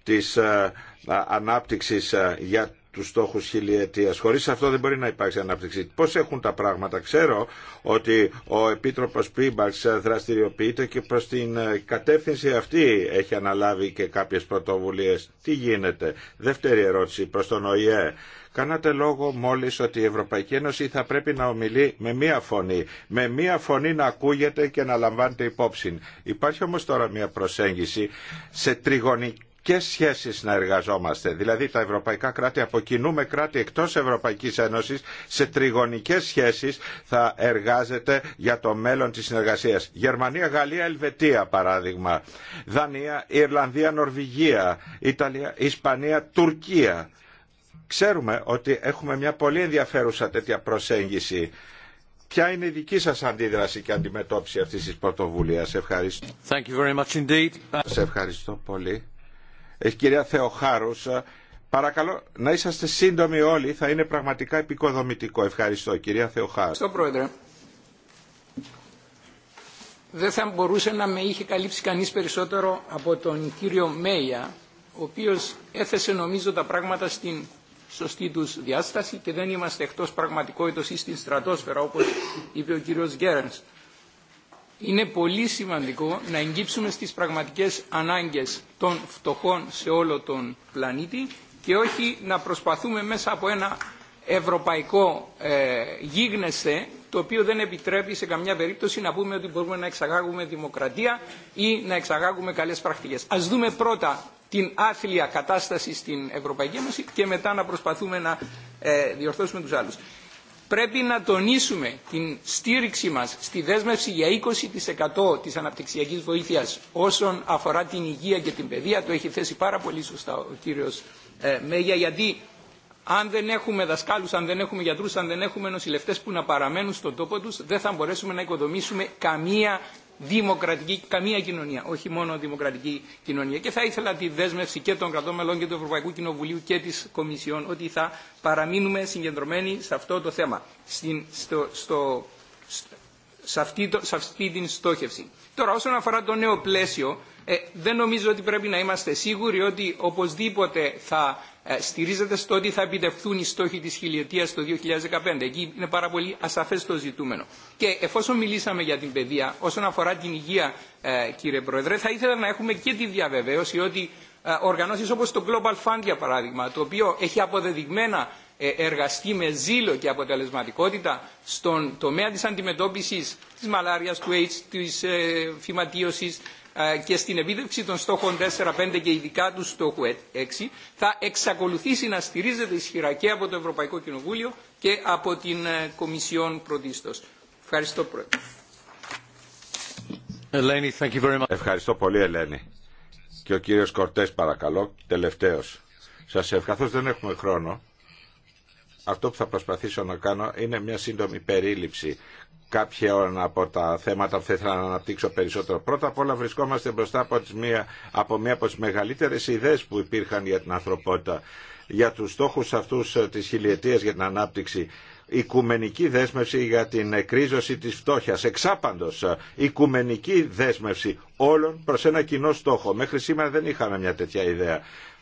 της ε, ανάπτυξης ε, για του στόχου χιλιετία. Χωρί αυτό δεν μπορεί να υπάρξει ανάπτυξη. Πώ έχουν τα πράγματα. Ξέρω ότι ο επίτροπο Πίμπαξ δραστηριοποιείται και προ την ε, κατεύθυνση αυτή έχει αναλάβει και κάποιε πρωτοβουλίε. Τι γίνεται. Δεύτερη ερώτηση προ τον ΟΗΕ. Κάνατε λόγο μόλι ότι η Ευρωπαϊκή Ένωση θα πρέπει να ομιλεί με μία φωνή. Με μία φωνή να ακούγεται και να λαμβάνεται υπόψη. Υπάρχει όμω τώρα μία προσέγγιση σε τριγωνική και σχέσει να εργαζόμαστε. Δηλαδή τα ευρωπαϊκά κράτη από κοινού κράτη εκτό Ευρωπαϊκή Ένωση σε τριγωνικέ σχέσει θα εργάζεται για το μέλλον τη συνεργασία. Γερμανία, Γαλλία, Ελβετία παράδειγμα. Δανία, Ιρλανδία, Νορβηγία, Ιταλία, Ισπανία, Τουρκία. Ξέρουμε ότι έχουμε μια πολύ ενδιαφέρουσα τέτοια προσέγγιση. Ποια είναι η δική σας αντίδραση και αντιμετώπιση αυτής της πρωτοβουλίας. Ευχαριστώ. Thank you very much indeed. Σε ευχαριστώ πολύ κυρία Θεοχάρους, ε, παρακαλώ να είσαστε σύντομοι όλοι, θα είναι πραγματικά επικοδομητικό. Ευχαριστώ, κυρία Θεοχάρου. Ευχαριστώ, Πρόεδρε. Δεν θα μπορούσε να με είχε καλύψει κανείς περισσότερο από τον κύριο Μέια, ο οποίος έθεσε νομίζω τα πράγματα στην σωστή τους διάσταση και δεν είμαστε εκτός πραγματικότητας ή στην στρατόσφαιρα, όπως είπε ο κύριος Γκέρνς είναι πολύ σημαντικό να εγγύψουμε στις πραγματικές ανάγκες των φτωχών σε όλο τον πλανήτη και όχι να προσπαθούμε μέσα από ένα ευρωπαϊκό ε, γίγνεσθε το οποίο δεν επιτρέπει σε καμιά περίπτωση να πούμε ότι μπορούμε να εξαγάγουμε δημοκρατία ή να εξαγάγουμε καλές πρακτικές. Ας δούμε πρώτα την άθλια κατάσταση στην Ευρωπαϊκή Ένωση και μετά να προσπαθούμε να ε, διορθώσουμε τους άλλους πρέπει να τονίσουμε την στήριξή μας στη δέσμευση για 20% της αναπτυξιακής βοήθειας όσον αφορά την υγεία και την παιδεία. Το έχει θέσει πάρα πολύ σωστά ο κύριος ε, Μέγια γιατί αν δεν έχουμε δασκάλους, αν δεν έχουμε γιατρούς, αν δεν έχουμε νοσηλευτές που να παραμένουν στον τόπο τους δεν θα μπορέσουμε να οικοδομήσουμε καμία δημοκρατική, καμία κοινωνία, όχι μόνο δημοκρατική κοινωνία. Και θα ήθελα τη δέσμευση και των κρατών μελών και του Ευρωπαϊκού Κοινοβουλίου και της Κομισιόν ότι θα παραμείνουμε συγκεντρωμένοι σε αυτό το θέμα, στην, στο, σε, αυτή την στόχευση. Τώρα, όσον αφορά το νέο πλαίσιο, ε, δεν νομίζω ότι πρέπει να είμαστε σίγουροι ότι οπωσδήποτε θα ε, στηρίζεται στο ότι θα επιτευχθούν οι στόχοι της χιλιετίας το 2015. Εκεί είναι πάρα πολύ ασαφές το ζητούμενο. Και εφόσον μιλήσαμε για την παιδεία, όσον αφορά την υγεία, ε, κύριε Πρόεδρε, θα ήθελα να έχουμε και τη διαβεβαίωση ότι ε, οργανώσεις όπως το Global Fund, για παράδειγμα, το οποίο έχει αποδεδειγμένα εργαστεί με ζήλο και αποτελεσματικότητα στον τομέα της αντιμετώπισης της μαλάριας, του AIDS, της φυματίωσης, ε, και στην επίδευξη των στόχων 4, 5 και ειδικά του στόχου 6 ε, θα εξακολουθήσει να στηρίζεται ισχυρά και από το Ευρωπαϊκό Κοινοβούλιο και από την ε, Κομισιόν πρωτίστω. Ευχαριστώ Πρόεδρε. Ελένη, thank you very much. Ευχαριστώ πολύ Ελένη. Και ο κύριος Κορτές παρακαλώ, τελευταίος. Σας ευχαριστώ, δεν έχουμε χρόνο αυτό που θα προσπαθήσω να κάνω είναι μια σύντομη περίληψη κάποιων από τα θέματα που θα ήθελα να αναπτύξω περισσότερο. Πρώτα απ' όλα βρισκόμαστε μπροστά από, μία, από μία από τις μεγαλύτερες ιδέες που υπήρχαν για την ανθρωπότητα, για τους στόχους αυτούς ε, της χιλιετίας για την ανάπτυξη οικουμενική δέσμευση για την εκρίζωση της φτώχειας. Εξάπαντος, ε, οικουμενική δέσμευση όλων προς ένα κοινό στόχο. Μέχρι σήμερα δεν είχαμε μια τέτοια ιδέα.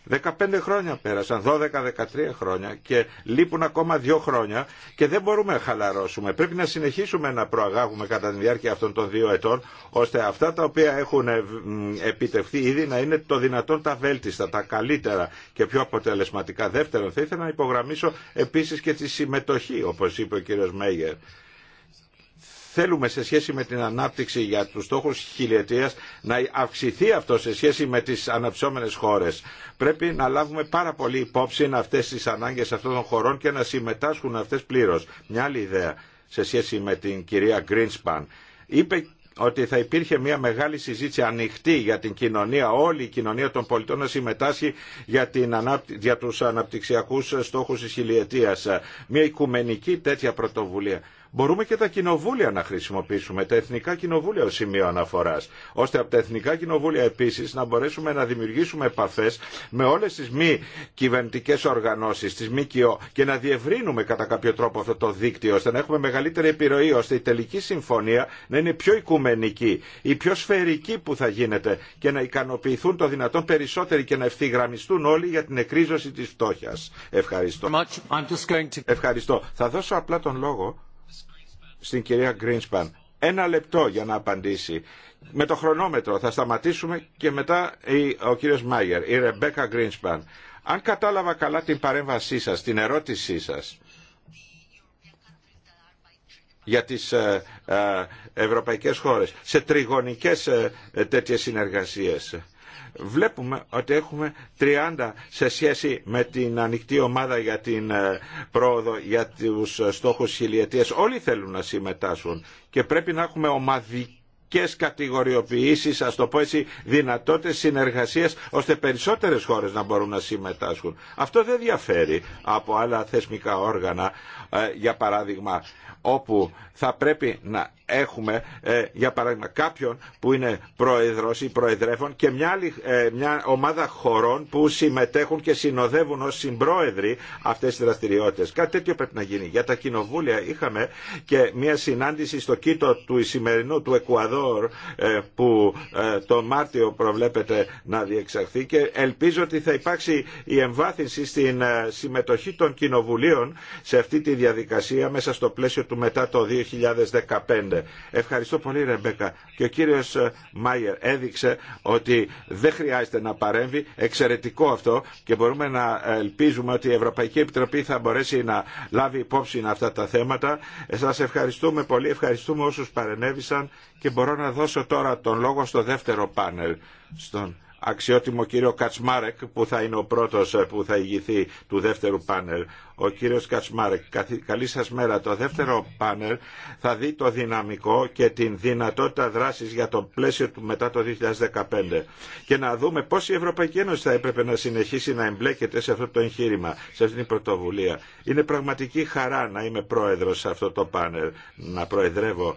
15 χρόνια πέρασαν, 12-13 χρόνια και λείπουν ακόμα 2 χρόνια και δεν μπορούμε να χαλαρώσουμε. Πρέπει να συνεχίσουμε να προαγάγουμε κατά τη διάρκεια αυτών των 2 ετών ώστε αυτά τα οποία έχουν ε, επιτευχθεί ήδη να είναι το δυνατόν τα βέλτιστα, τα καλύτερα και πιο αποτελεσματικά. Δεύτερον, θα ήθελα να υπογραμμίσω επίση και τη συμμετοχή, όπω είπε ο κύριος Μέγερ θέλουμε σε σχέση με την ανάπτυξη για τους στόχους χιλιετίας να αυξηθεί αυτό σε σχέση με τις αναψώμενες χώρες. Πρέπει να λάβουμε πάρα πολύ υπόψη αυτές τις ανάγκες αυτών των χωρών και να συμμετάσχουν αυτές πλήρως. Μια άλλη ιδέα σε σχέση με την κυρία Greenspan. Είπε ότι θα υπήρχε μια μεγάλη συζήτηση ανοιχτή για την κοινωνία, όλη η κοινωνία των πολιτών να συμμετάσχει για, την ανάπτυ... για τους αναπτυξιακούς στόχους της χιλιετίας. Μια οικουμενική τέτοια πρωτοβουλία μπορούμε και τα κοινοβούλια να χρησιμοποιήσουμε, τα εθνικά κοινοβούλια ως σημείο αναφορά, ώστε από τα εθνικά κοινοβούλια επίση να μπορέσουμε να δημιουργήσουμε επαφέ με όλε τι μη κυβερνητικές οργανώσεις, τις ΜΚΟ και να διευρύνουμε κατά κάποιο τρόπο αυτό το δίκτυο, ώστε να έχουμε μεγαλύτερη επιρροή, ώστε η τελική συμφωνία να είναι πιο οικουμενική, η πιο σφαιρική που θα γίνεται και να ικανοποιηθούν το δυνατόν περισσότεροι και να ευθυγραμμιστούν όλοι για την εκρίζωση τη φτώχεια. Ευχαριστώ. Ευχαριστώ. Θα δώσω απλά τον λόγο στην κυρία Γκρίνσπαν. Ένα λεπτό για να απαντήσει. Με το χρονόμετρο θα σταματήσουμε και μετά ο κύριος Μάγερ, η Ρεμπέκα Γκρίνσπαν. Αν κατάλαβα καλά την παρέμβασή σας, την ερώτησή σας, για τις ε, ε, ευρωπαϊκές χώρες, σε τριγωνικές ε, τέτοιες συνεργασίες βλέπουμε ότι έχουμε 30 σε σχέση με την ανοιχτή ομάδα για την ε, πρόοδο για τους ε, στόχους χιλιετίας. Όλοι θέλουν να συμμετάσχουν και πρέπει να έχουμε ομαδικές κατηγοριοποιήσεις, ας το πω έτσι, δυνατότητες συνεργασίας, ώστε περισσότερες χώρες να μπορούν να συμμετάσχουν. Αυτό δεν διαφέρει από άλλα θεσμικά όργανα, ε, για παράδειγμα, όπου θα πρέπει να έχουμε ε, για παράδειγμα κάποιον που είναι πρόεδρος ή προεδρεύων και μια, άλλη, ε, μια ομάδα χωρών που συμμετέχουν και συνοδεύουν ως συμπρόεδροι αυτές τις δραστηριότητες. Κάτι τέτοιο πρέπει να γίνει. Για τα κοινοβούλια είχαμε και μια συνάντηση στο κήτο του σημερινού του Εκουαδόρ ε, που το Μάρτιο προβλέπεται να διεξαχθεί και ελπίζω ότι θα υπάρξει η εμβάθυνση στην συμμετοχή των κοινοβουλίων σε αυτή τη διαδικασία μέσα στο πλαίσιο του μετά το 2015. Ευχαριστώ πολύ Ρεμπέκα. Και ο κύριος ε, Μάιερ έδειξε ότι δεν χρειάζεται να παρέμβει. Εξαιρετικό αυτό και μπορούμε να ελπίζουμε ότι η Ευρωπαϊκή Επιτροπή θα μπορέσει να λάβει υπόψη αυτά τα θέματα. Ε, σας ευχαριστούμε πολύ. Ευχαριστούμε όσους παρενέβησαν και μπορώ να δώσω τώρα τον λόγο στο δεύτερο πάνελ. Στον αξιότιμο κύριο Κατσμάρεκ που θα είναι ο πρώτος ε, που θα ηγηθεί του δεύτερου πάνελ. Ο κύριος Κατσμάρεκ, καλή σας μέρα. Το δεύτερο πάνελ θα δει το δυναμικό και την δυνατότητα δράσης για το πλαίσιο του μετά το 2015 και να δούμε πώς η Ευρωπαϊκή Ένωση θα έπρεπε να συνεχίσει να εμπλέκεται σε αυτό το εγχείρημα, σε αυτή την πρωτοβουλία. Είναι πραγματική χαρά να είμαι πρόεδρος σε αυτό το πάνελ, να προεδρεύω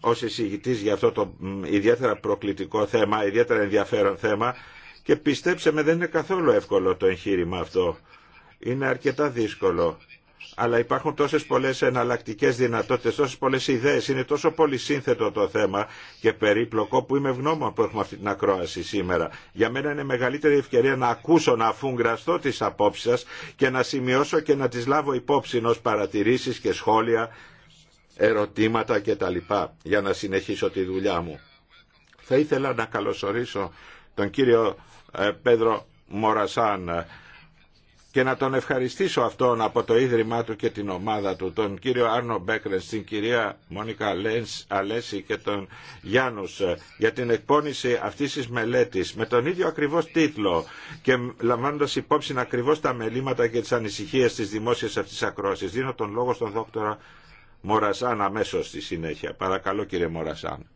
ως εισηγητή για αυτό το ιδιαίτερα προκλητικό θέμα, ιδιαίτερα ενδιαφέρον θέμα και πιστέψε με δεν είναι καθόλου εύκολο το εγχείρημα αυτό. Είναι αρκετά δύσκολο. Αλλά υπάρχουν τόσε πολλέ εναλλακτικέ δυνατότητε, τόσε πολλέ ιδέε. Είναι τόσο πολύ σύνθετο το θέμα και περίπλοκο που είμαι ευγνώμων που έχουμε αυτή την ακρόαση σήμερα. Για μένα είναι μεγαλύτερη ευκαιρία να ακούσω, να αφούγκραστώ τι απόψει σα και να σημειώσω και να τι λάβω υπόψη ω παρατηρήσει και σχόλια ερωτήματα και τα λοιπά για να συνεχίσω τη δουλειά μου. Θα ήθελα να καλωσορίσω τον κύριο ε, Πέδρο Μορασάν ε, και να τον ευχαριστήσω αυτόν από το Ίδρυμά του και την ομάδα του, τον κύριο Άρνο Μπέκρεν, την κυρία Μόνικα Αλέση και τον Γιάννους ε, για την εκπόνηση αυτής της μελέτης με τον ίδιο ακριβώς τίτλο και λαμβάνοντας υπόψη ακριβώς τα μελήματα και τις ανησυχίες της δημόσιας αυτής ακρόασης. Δίνω τον λόγο στον δόκτωρα Μορασάν αμέσως στη συνέχεια. Παρακαλώ κύριε Μορασάν.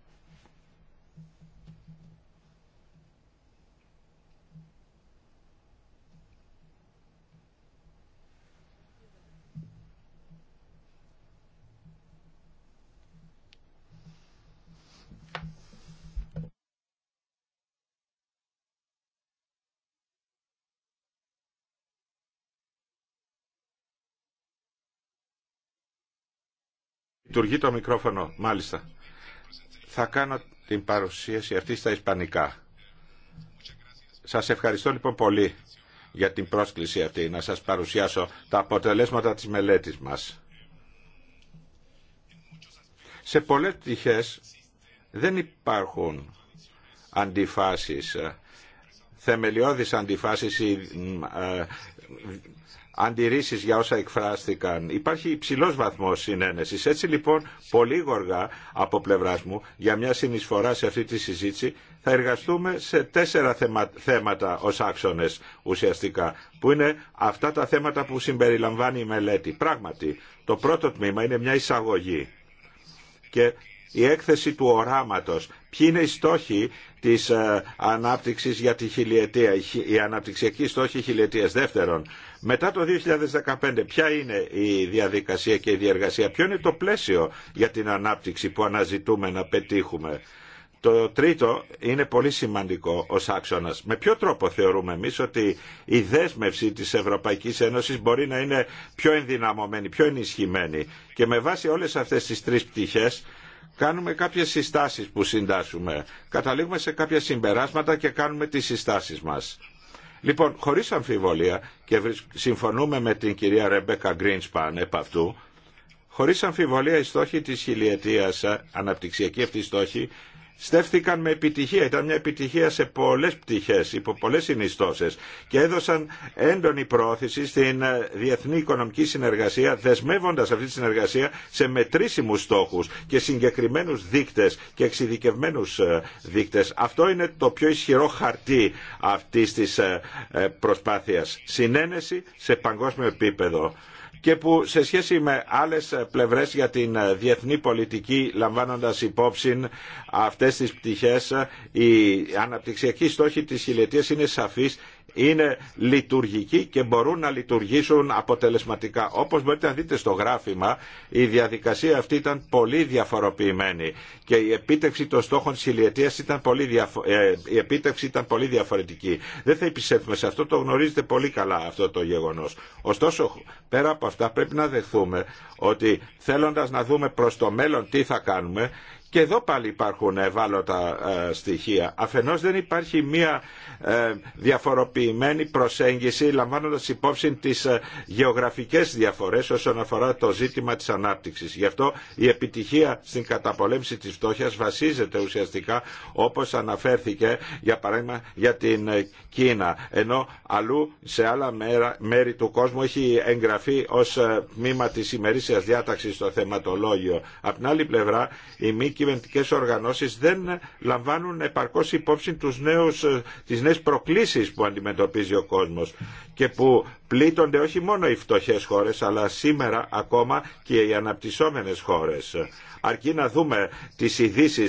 Λειτουργεί το μικρόφωνο, μάλιστα. Θα κάνω την παρουσίαση αυτή στα ισπανικά. Σας ευχαριστώ λοιπόν πολύ για την πρόσκληση αυτή να σας παρουσιάσω τα αποτελέσματα της μελέτης μας. Σε πολλές πτυχές δεν υπάρχουν αντιφάσεις, ε, θεμελιώδεις αντιφάσεις ή ε, αντιρρήσεις για όσα εκφράστηκαν. Υπάρχει υψηλό βαθμός συνένεση. Έτσι λοιπόν, πολύ γοργά από πλευρά μου, για μια συνεισφορά σε αυτή τη συζήτηση, θα εργαστούμε σε τέσσερα θέματα ω άξονε ουσιαστικά, που είναι αυτά τα θέματα που συμπεριλαμβάνει η μελέτη. Πράγματι, το πρώτο τμήμα είναι μια εισαγωγή και η έκθεση του οράματος. Ποιοι είναι οι στόχοι της ε, ανάπτυξης για τη χιλιετία, η αναπτυξιακή στόχη χιλιετίας. Δεύτερον, μετά το 2015 ποια είναι η διαδικασία και η διεργασία, ποιο είναι το πλαίσιο για την ανάπτυξη που αναζητούμε να πετύχουμε. Το τρίτο είναι πολύ σημαντικό ω άξονα. Με ποιο τρόπο θεωρούμε εμεί ότι η δέσμευση τη Ευρωπαϊκή Ένωση μπορεί να είναι πιο ενδυναμωμένη, πιο ενισχυμένη. Και με βάση όλε αυτέ τι τρει πτυχέ κάνουμε κάποιες συστάσεις που συντάσουμε, Καταλήγουμε σε κάποια συμπεράσματα και κάνουμε τις συστάσεις μας. Λοιπόν, χωρίς αμφιβολία, και συμφωνούμε με την κυρία Ρεμπέκα Γκρίνσπαν επ' αυτού, χωρίς αμφιβολία οι στόχοι της χιλιετίας, αναπτυξιακή αυτή στόχη στέφθηκαν με επιτυχία. Ήταν μια επιτυχία σε πολλές πτυχές, υπό πολλέ συνιστώσει και έδωσαν έντονη πρόθεση στην ε, διεθνή οικονομική συνεργασία, δεσμεύοντα αυτή τη συνεργασία σε μετρήσιμους στόχους και συγκεκριμένους δίκτες και εξειδικευμένου ε, δείκτε. Αυτό είναι το πιο ισχυρό χαρτί αυτής της ε, προσπάθεια. Συνένεση σε παγκόσμιο επίπεδο και που σε σχέση με άλλες πλευρές για την διεθνή πολιτική λαμβάνοντας υπόψη αυτές τις πτυχές η αναπτυξιακή στόχη της χιλιετίας είναι σαφής είναι λειτουργικοί και μπορούν να λειτουργήσουν αποτελεσματικά. Όπως μπορείτε να δείτε στο γράφημα, η διαδικασία αυτή ήταν πολύ διαφοροποιημένη και η επίτευξη των στόχων της ηλιετίας ήταν πολύ, ε, η επίτευξη ήταν πολύ διαφορετική. Δεν θα επισέλθουμε σε αυτό, το γνωρίζετε πολύ καλά αυτό το γεγονός. Ωστόσο, πέρα από αυτά πρέπει να δεχθούμε ότι θέλοντας να δούμε προς το μέλλον τι θα κάνουμε και εδώ πάλι υπάρχουν ευάλωτα ε, στοιχεία. Αφενός δεν υπάρχει μία ε, διαφοροποιημένη προσέγγιση λαμβάνοντας υπόψη τις ε, γεωγραφικές διαφορές όσον αφορά το ζήτημα της ανάπτυξης. Γι' αυτό η επιτυχία στην καταπολέμηση της φτώχειας βασίζεται ουσιαστικά όπως αναφέρθηκε για παράδειγμα για την Κίνα. Ενώ αλλού σε άλλα μέρη του κόσμου έχει εγγραφεί ως μήμα της ημερήσιας διάταξης στο θεματολόγιο. Απ' την άλλη πλευρά η κυβερνητικές οργανώσεις δεν λαμβάνουν επαρκώς υπόψη τους νέους, ε, τις νέες προκλήσεις που αντιμετωπίζει ο κόσμος και που πλήττονται όχι μόνο οι φτωχές χώρες αλλά σήμερα ακόμα και οι αναπτυσσόμενες χώρες. Αρκεί να δούμε τις ειδήσει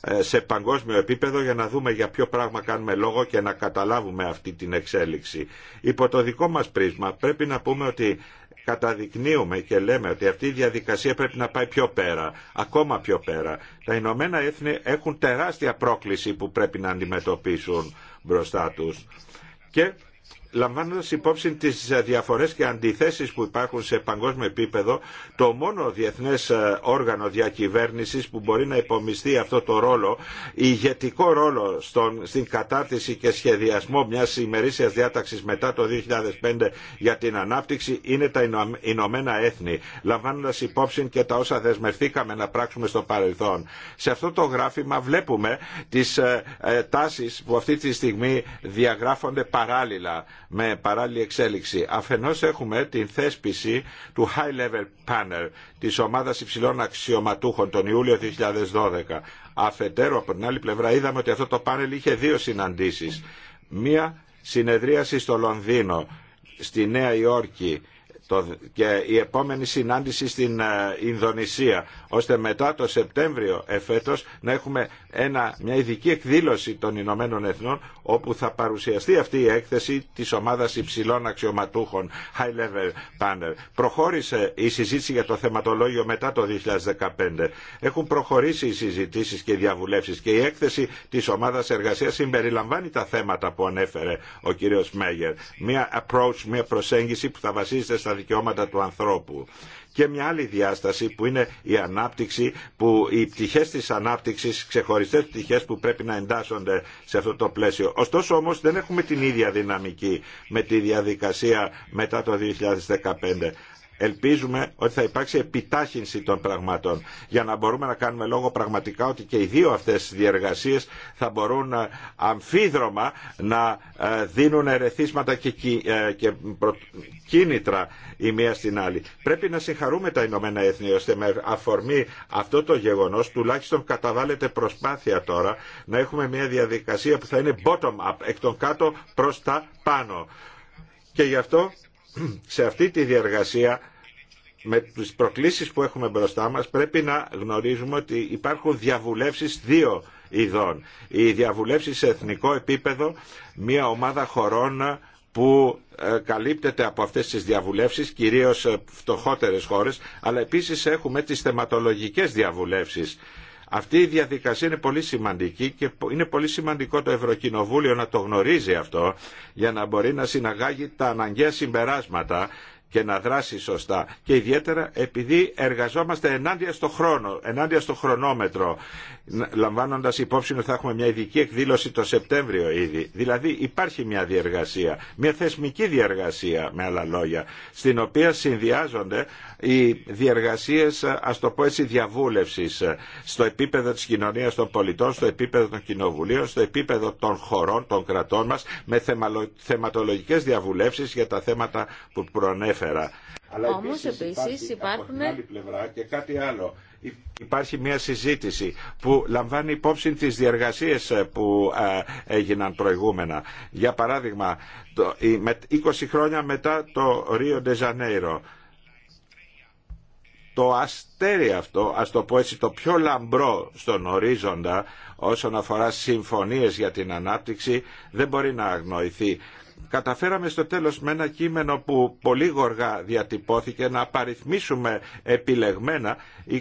ε, σε παγκόσμιο επίπεδο για να δούμε για ποιο πράγμα κάνουμε λόγο και να καταλάβουμε αυτή την εξέλιξη. Υπό το δικό μας πρίσμα πρέπει να πούμε ότι καταδεικνύουμε και λέμε ότι αυτή η διαδικασία πρέπει να πάει πιο πέρα, ακόμα πιο πέρα. Τα Ηνωμένα Έθνη έχουν τεράστια πρόκληση που πρέπει να αντιμετωπίσουν μπροστά τους. Και Λαμβάνοντα υπόψη τι διαφορέ και αντιθέσει που υπάρχουν σε παγκόσμιο επίπεδο, το μόνο διεθνέ ε, όργανο διακυβέρνηση που μπορεί να υπομειστεί αυτό το ρόλο, ηγετικό ρόλο στον, στην κατάρτιση και σχεδιασμό μια ημερήσια διάταξη μετά το 2005 για την ανάπτυξη είναι τα Ηνωμένα Έθνη, λαμβάνοντα υπόψη και τα όσα δεσμευθήκαμε να πράξουμε στο παρελθόν. Σε αυτό το γράφημα βλέπουμε τις ε, ε, τάσει που αυτή τη στιγμή διαγράφονται παράλληλα με παράλληλη εξέλιξη. Αφενός έχουμε την θέσπιση του High Level Panel της ομάδας υψηλών αξιωματούχων τον Ιούλιο 2012. Αφετέρου από την άλλη πλευρά είδαμε ότι αυτό το πάνελ είχε δύο συναντήσεις. Μία συνεδρίαση στο Λονδίνο, στη Νέα Υόρκη και η επόμενη συνάντηση στην ε, Ινδονησία ώστε μετά το Σεπτέμβριο εφέτος να έχουμε ένα, μια ειδική εκδήλωση των Ηνωμένων Εθνών όπου θα παρουσιαστεί αυτή η έκθεση της ομάδας υψηλών αξιωματούχων High Level Panel. Προχώρησε η συζήτηση για το θεματολόγιο μετά το 2015. Έχουν προχωρήσει οι συζητήσεις και οι διαβουλεύσεις και η έκθεση της ομάδας εργασίας συμπεριλαμβάνει τα θέματα που ανέφερε ο κύριος Μέγερ. Μια approach, μια προσέγγιση που θα βασίζεται στα δικαιώματα του ανθρώπου και μια άλλη διάσταση που είναι η ανάπτυξη, που οι πτυχέ τη ανάπτυξη, ξεχωριστέ πτυχέ που πρέπει να εντάσσονται σε αυτό το πλαίσιο. Ωστόσο όμω δεν έχουμε την ίδια δυναμική με τη διαδικασία μετά το 2015 ελπίζουμε ότι θα υπάρξει επιτάχυνση των πραγμάτων για να μπορούμε να κάνουμε λόγο πραγματικά ότι και οι δύο αυτές διεργασίες θα μπορούν ε, αμφίδρομα να ε, δίνουν ερεθίσματα και ε, κίνητρα η μία στην άλλη. Πρέπει να συγχαρούμε τα Ηνωμένα Έθνη ώστε με αφορμή αυτό το γεγονός τουλάχιστον καταβάλλεται προσπάθεια τώρα να έχουμε μια διαδικασία που θα είναι bottom-up, εκ των κάτω προς τα πάνω. Και γι' αυτό σε αυτή τη διαργασία με τις προκλήσεις που έχουμε μπροστά μας πρέπει να γνωρίζουμε ότι υπάρχουν διαβουλεύσεις δύο ειδών. Οι διαβουλεύσεις σε εθνικό επίπεδο, μια ομάδα χωρών που ε, καλύπτεται από αυτές τις διαβουλεύσεις, κυρίως ε, φτωχότερες χώρες, αλλά επίσης έχουμε τις θεματολογικές διαβουλεύσεις αυτή η διαδικασία είναι πολύ σημαντική και είναι πολύ σημαντικό το Ευρωκοινοβούλιο να το γνωρίζει αυτό για να μπορεί να συναγάγει τα αναγκαία συμπεράσματα και να δράσει σωστά. Και ιδιαίτερα επειδή εργαζόμαστε ενάντια στο χρόνο, ενάντια στο χρονόμετρο, λαμβάνοντα υπόψη ότι θα έχουμε μια ειδική εκδήλωση το Σεπτέμβριο ήδη. Δηλαδή υπάρχει μια διεργασία, μια θεσμική διεργασία με άλλα λόγια, στην οποία συνδυάζονται οι διεργασίες, ας το πω έτσι, διαβούλευσης στο επίπεδο της κοινωνίας των πολιτών, στο επίπεδο των κοινοβουλίων, στο επίπεδο των χωρών, των κρατών μας, με θεματολογικές διαβουλεύσεις για τα θέματα που προανέφερα. Αλλά Όμως επίσης, υπάρχουν... άλλη πλευρά και κάτι άλλο. Υπάρχει μια συζήτηση που λαμβάνει υπόψη τις διεργασίες ε, που ε, έγιναν προηγούμενα. Για παράδειγμα, 20 χρόνια μετά το Ρίο Ντεζανέιρο το αστέρι αυτό, ας το πω έτσι, το πιο λαμπρό στον ορίζοντα όσον αφορά συμφωνίες για την ανάπτυξη δεν μπορεί να αγνοηθεί. Καταφέραμε στο τέλος με ένα κείμενο που πολύ γοργά διατυπώθηκε να απαριθμίσουμε επιλεγμένα 24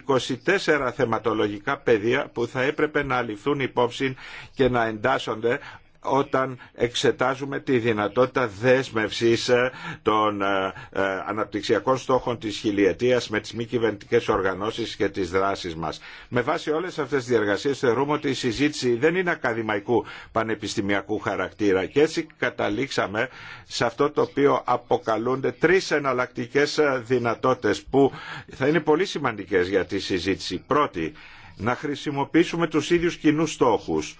θεματολογικά πεδία που θα έπρεπε να ληφθούν υπόψη και να εντάσσονται όταν εξετάζουμε τη δυνατότητα δέσμευσης ε, των ε, ε, αναπτυξιακών στόχων της χιλιετίας με τις μη κυβερνητικέ οργανώσεις και τις δράσεις μας. Με βάση όλες αυτές τις διεργασίες θεωρούμε ότι η συζήτηση δεν είναι ακαδημαϊκού πανεπιστημιακού χαρακτήρα και έτσι καταλήξαμε σε αυτό το οποίο αποκαλούνται τρεις εναλλακτικέ δυνατότητες που θα είναι πολύ σημαντικές για τη συζήτηση. Πρώτη, να χρησιμοποιήσουμε τους ίδιους κοινούς στόχους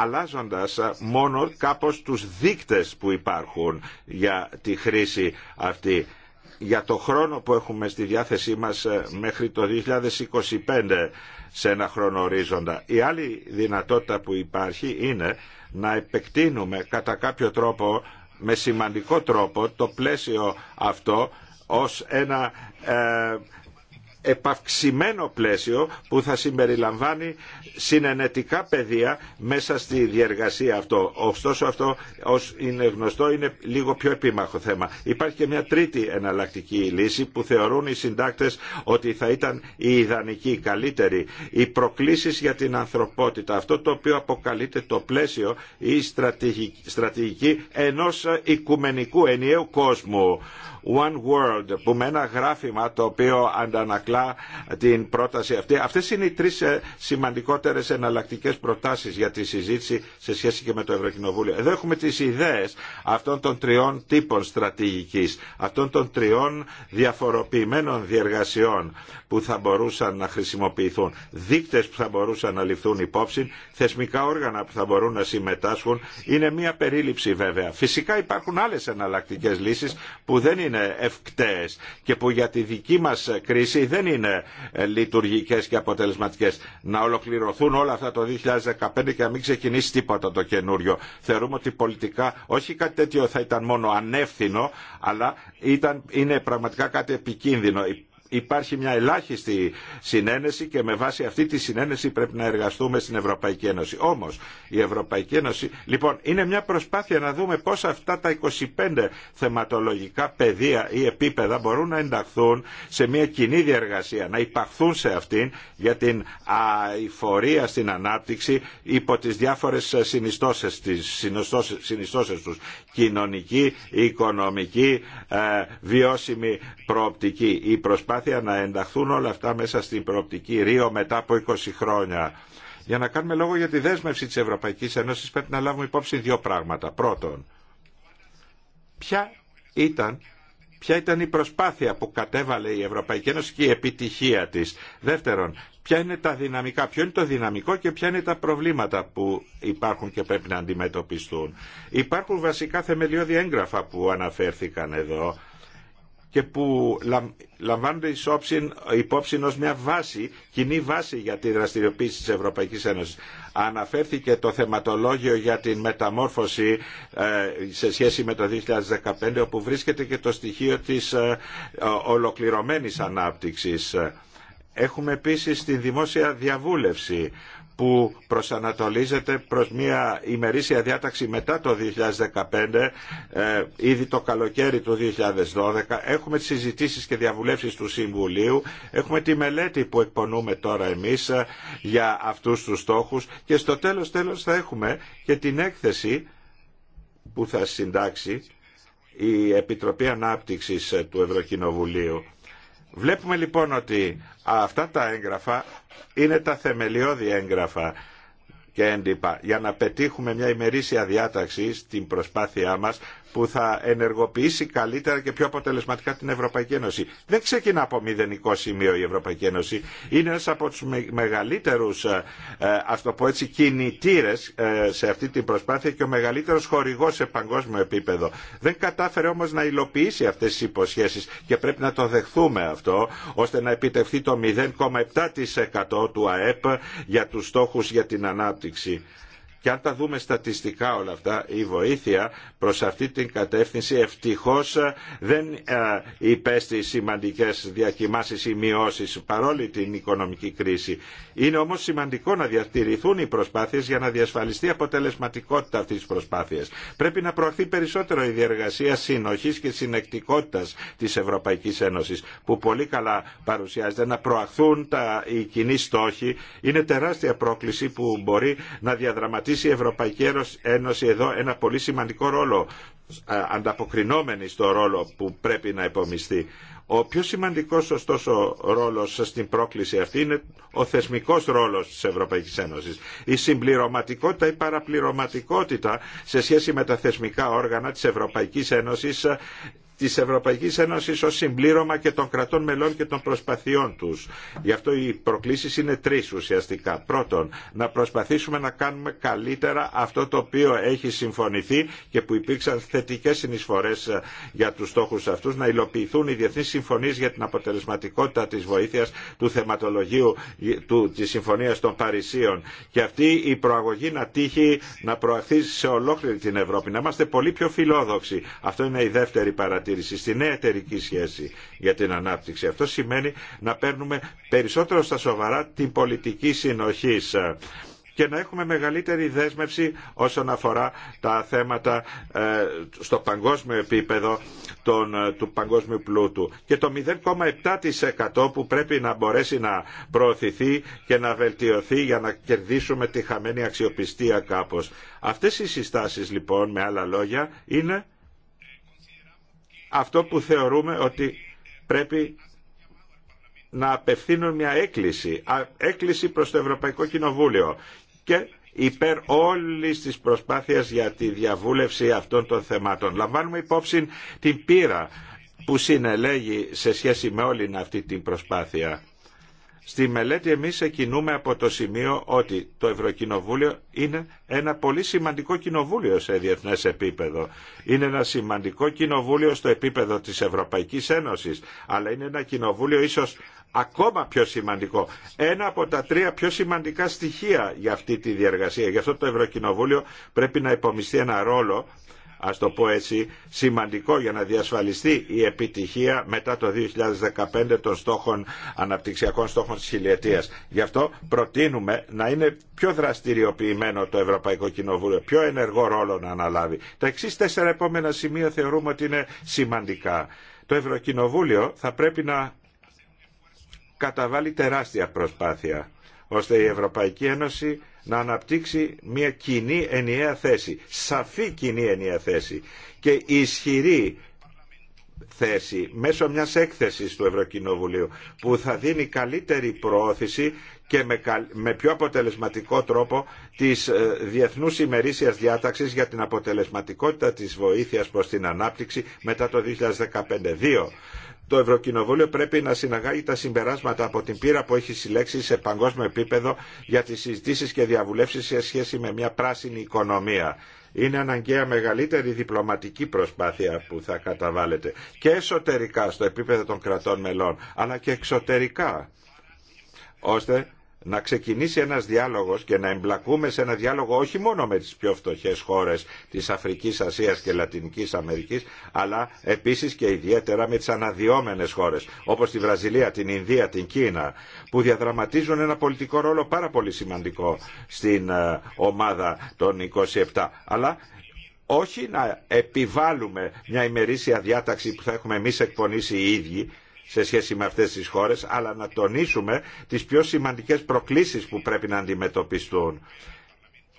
αλλάζοντας ε, μόνο κάπως τους δείκτες που υπάρχουν για τη χρήση αυτή για το χρόνο που έχουμε στη διάθεσή μας ε, μέχρι το 2025 σε ένα χρόνο ορίζοντα. Η άλλη δυνατότητα που υπάρχει είναι να επεκτείνουμε κατά κάποιο τρόπο, με σημαντικό τρόπο, το πλαίσιο αυτό ως ένα ε, επαυξημένο πλαίσιο που θα συμπεριλαμβάνει συνενετικά πεδία μέσα στη διεργασία αυτό. Ωστόσο αυτό ως είναι γνωστό είναι λίγο πιο επίμαχο θέμα. Υπάρχει και μια τρίτη εναλλακτική λύση που θεωρούν οι συντάκτες ότι θα ήταν η ιδανική, η καλύτερη. Οι προκλήσεις για την ανθρωπότητα, αυτό το οποίο αποκαλείται το πλαίσιο ή στρατηγική, στρατηγική ενός οικουμενικού ενιαίου κόσμου. One World που με ένα γράφημα το οποίο αντανακλά την πρόταση αυτή. Αυτές είναι οι τρεις ε, σημαντικότερες εναλλακτικές προτάσεις για τη συζήτηση σε σχέση και με το Ευρωκοινοβούλιο. Εδώ έχουμε τις ιδέες αυτών των τριών τύπων στρατηγικής, αυτών των τριών διαφοροποιημένων διεργασιών που θα μπορούσαν να χρησιμοποιηθούν, δείκτες που θα μπορούσαν να ληφθούν υπόψη, θεσμικά όργανα που θα μπορούν να συμμετάσχουν. Είναι μια περίληψη βέβαια. Φυσικά υπάρχουν άλλες εναλλακτικέ λύσεις που δεν είναι ευκταίες και που για τη δική μας κρίση δεν είναι ε, λειτουργικές και αποτελεσματικές. Να ολοκληρωθούν όλα αυτά το 2015 και να μην ξεκινήσει τίποτα το καινούριο. Θεωρούμε ότι πολιτικά όχι κάτι τέτοιο θα ήταν μόνο ανεύθυνο, αλλά ήταν, είναι πραγματικά κάτι επικίνδυνο υπάρχει μια ελάχιστη συνένεση και με βάση αυτή τη συνένεση πρέπει να εργαστούμε στην Ευρωπαϊκή Ένωση. Όμως η Ευρωπαϊκή Ένωση, λοιπόν, είναι μια προσπάθεια να δούμε πώς αυτά τα 25 θεματολογικά πεδία ή επίπεδα μπορούν να ενταχθούν σε μια κοινή διαργασία, να υπαχθούν σε αυτήν για την αηφορία στην ανάπτυξη υπό τις διάφορες συνιστώσεις, τις τους. Κοινωνική, οικονομική, ε, βιώσιμη προοπτική. Η προσπάθεια προσπάθεια να ενταχθούν όλα αυτά μέσα στην προοπτική Ρίο μετά από 20 χρόνια. Για να κάνουμε λόγο για τη δέσμευση της Ευρωπαϊκής Ένωσης πρέπει να λάβουμε υπόψη δύο πράγματα. Πρώτον, ποια ήταν ποια ήταν η προσπάθεια που κατέβαλε η Ευρωπαϊκή Ένωση και η επιτυχία της. Δεύτερον, ποια είναι τα δυναμικά, ποιο είναι το δυναμικό και ποια είναι τα προβλήματα που υπάρχουν και πρέπει να αντιμετωπιστούν. Υπάρχουν βασικά θεμελιώδη έγγραφα που αναφέρθηκαν εδώ και που λαμβάνονται υπόψη, υπόψη ως μια βάση, κοινή βάση για τη δραστηριοποίηση της Ευρωπαϊκής Ένωσης. Αναφέρθηκε το θεματολόγιο για την μεταμόρφωση ε, σε σχέση με το 2015, όπου βρίσκεται και το στοιχείο της ε, ολοκληρωμένης ανάπτυξης. Έχουμε επίσης τη δημόσια διαβούλευση που προσανατολίζεται προς μια ημερήσια διάταξη μετά το 2015, ε, ήδη το καλοκαίρι του 2012. Έχουμε τις συζητήσεις και διαβουλεύσεις του Συμβουλίου, έχουμε τη μελέτη που εκπονούμε τώρα εμείς ε, για αυτούς τους στόχους και στο τέλος τέλος θα έχουμε και την έκθεση που θα συντάξει η Επιτροπή Ανάπτυξης ε, του Ευρωκοινοβουλίου Βλέπουμε λοιπόν ότι αυτά τα έγγραφα είναι τα θεμελιώδη έγγραφα και έντυπα για να πετύχουμε μια ημερήσια διάταξη στην προσπάθειά μας που θα ενεργοποιήσει καλύτερα και πιο αποτελεσματικά την Ευρωπαϊκή Ένωση. Δεν ξεκινά από μηδενικό σημείο η Ευρωπαϊκή Ένωση. Είναι ένα από του μεγαλύτερου, ε, ε, α το κινητήρες ε, σε αυτή την προσπάθεια και ο μεγαλύτερο χορηγό σε παγκόσμιο επίπεδο. Δεν κατάφερε όμω να υλοποιήσει αυτέ τι υποσχέσει και πρέπει να το δεχθούμε αυτό, ώστε να επιτευχθεί το 0,7% του ΑΕΠ για του στόχου για την ανάπτυξη. Και αν τα δούμε στατιστικά όλα αυτά, η βοήθεια προς αυτή την κατεύθυνση ευτυχώς δεν ε, υπέστη σημαντικές διακοιμάσεις ή μειώσεις παρόλη την οικονομική κρίση. Είναι όμως σημαντικό να διατηρηθούν οι προσπάθειες για να διασφαλιστεί αποτελεσματικότητα αυτής της προσπάθειας. Πρέπει να προαχθεί περισσότερο η διεργασία συνοχής και συνεκτικότητας της Ευρωπαϊκής Ένωσης που πολύ καλά παρουσιάζεται να προαχθούν τα, οι κοινοί στόχοι. Είναι τεράστια πρόκληση που μπορεί να διαδραματίσει διαδραματίσει η Ευρωπαϊκή Ένωση εδώ ένα πολύ σημαντικό ρόλο ανταποκρινόμενη στο ρόλο που πρέπει να υπομειστεί. Ο πιο σημαντικός ωστόσο ρόλος στην πρόκληση αυτή είναι ο θεσμικός ρόλος της Ευρωπαϊκής Ένωσης. Η συμπληρωματικότητα, η παραπληρωματικότητα σε σχέση με τα θεσμικά όργανα της Ευρωπαϊκής Ένωσης της Ευρωπαϊκής Ένωσης ως συμπλήρωμα και των κρατών μελών και των προσπαθειών τους. Γι' αυτό οι προκλήσεις είναι τρεις ουσιαστικά. Πρώτον, να προσπαθήσουμε να κάνουμε καλύτερα αυτό το οποίο έχει συμφωνηθεί και που υπήρξαν θετικές συνεισφορές ε, για τους στόχους αυτούς, να υλοποιηθούν οι διεθνείς συμφωνίες για την αποτελεσματικότητα της βοήθειας του θεματολογίου ε, του, της Συμφωνίας των Παρισίων και αυτή η προαγωγή να τύχει να προαχθεί σε ολόκληρη την Ευρώπη. Να είμαστε πολύ πιο φιλόδοξοι. Αυτό είναι η δεύτερη παρατήρηση παρατήρηση, στη εταιρική σχέση για την ανάπτυξη. Αυτό σημαίνει να παίρνουμε περισσότερο στα σοβαρά την πολιτική συνοχή και να έχουμε μεγαλύτερη δέσμευση όσον αφορά τα θέματα ε, στο παγκόσμιο επίπεδο ε, του παγκόσμιου πλούτου. Και το 0,7% που πρέπει να μπορέσει να προωθηθεί και να βελτιωθεί για να κερδίσουμε τη χαμένη αξιοπιστία κάπως. Αυτές οι συστάσεις λοιπόν με άλλα λόγια είναι αυτό που θεωρούμε ότι πρέπει να απευθύνουν μια έκκληση, έκκληση προς το Ευρωπαϊκό Κοινοβούλιο και υπέρ όλης της προσπάθειας για τη διαβούλευση αυτών των θεμάτων. Λαμβάνουμε υπόψη την πείρα που συνελέγει σε σχέση με όλη αυτή την προσπάθεια. Στη μελέτη εμείς εκινούμε από το σημείο ότι το Ευρωκοινοβούλιο είναι ένα πολύ σημαντικό κοινοβούλιο σε διεθνές επίπεδο. Είναι ένα σημαντικό κοινοβούλιο στο επίπεδο της Ευρωπαϊκής Ένωσης, αλλά είναι ένα κοινοβούλιο ίσως ακόμα πιο σημαντικό. Ένα από τα τρία πιο σημαντικά στοιχεία για αυτή τη διεργασία. Γι' αυτό το Ευρωκοινοβούλιο πρέπει να υπομειστεί ένα ρόλο ας το πω έτσι, σημαντικό για να διασφαλιστεί η επιτυχία μετά το 2015 των στόχων, αναπτυξιακών στόχων της χιλιετίας. Γι' αυτό προτείνουμε να είναι πιο δραστηριοποιημένο το Ευρωπαϊκό Κοινοβούλιο, πιο ενεργό ρόλο να αναλάβει. Τα εξή τέσσερα επόμενα σημεία θεωρούμε ότι είναι σημαντικά. Το Ευρωκοινοβούλιο θα πρέπει να καταβάλει τεράστια προσπάθεια ώστε η Ευρωπαϊκή Ένωση να αναπτύξει μια κοινή ενιαία θέση, σαφή κοινή ενιαία θέση και ισχυρή θέση μέσω μιας έκθεσης του Ευρωκοινοβουλίου που θα δίνει καλύτερη προώθηση και με πιο αποτελεσματικό τρόπο της ε, Διεθνούς ημερήσιας Διάταξης για την αποτελεσματικότητα της βοήθειας προς την ανάπτυξη μετά το 2015. Δύο, το Ευρωκοινοβούλιο πρέπει να συναγάγει τα συμπεράσματα από την πείρα που έχει συλλέξει σε παγκόσμιο επίπεδο για τις συζητήσεις και διαβουλεύσεις σε σχέση με μια πράσινη οικονομία. Είναι αναγκαία μεγαλύτερη διπλωματική προσπάθεια που θα καταβάλλεται και εσωτερικά στο επίπεδο των κρατών μελών, αλλά και εξωτερικά, ώστε να ξεκινήσει ένας διάλογος και να εμπλακούμε σε ένα διάλογο όχι μόνο με τις πιο φτωχές χώρες της Αφρικής, Ασίας και Λατινικής Αμερικής, αλλά επίσης και ιδιαίτερα με τις αναδυόμενες χώρες, όπως τη Βραζιλία, την Ινδία, την Κίνα, που διαδραματίζουν ένα πολιτικό ρόλο πάρα πολύ σημαντικό στην ε, ομάδα των 27. Αλλά όχι να επιβάλλουμε μια ημερήσια διάταξη που θα έχουμε εμείς εκπονήσει οι ίδιοι, σε σχέση με αυτές τις χώρες, αλλά να τονίσουμε τις πιο σημαντικές προκλήσεις που πρέπει να αντιμετωπιστούν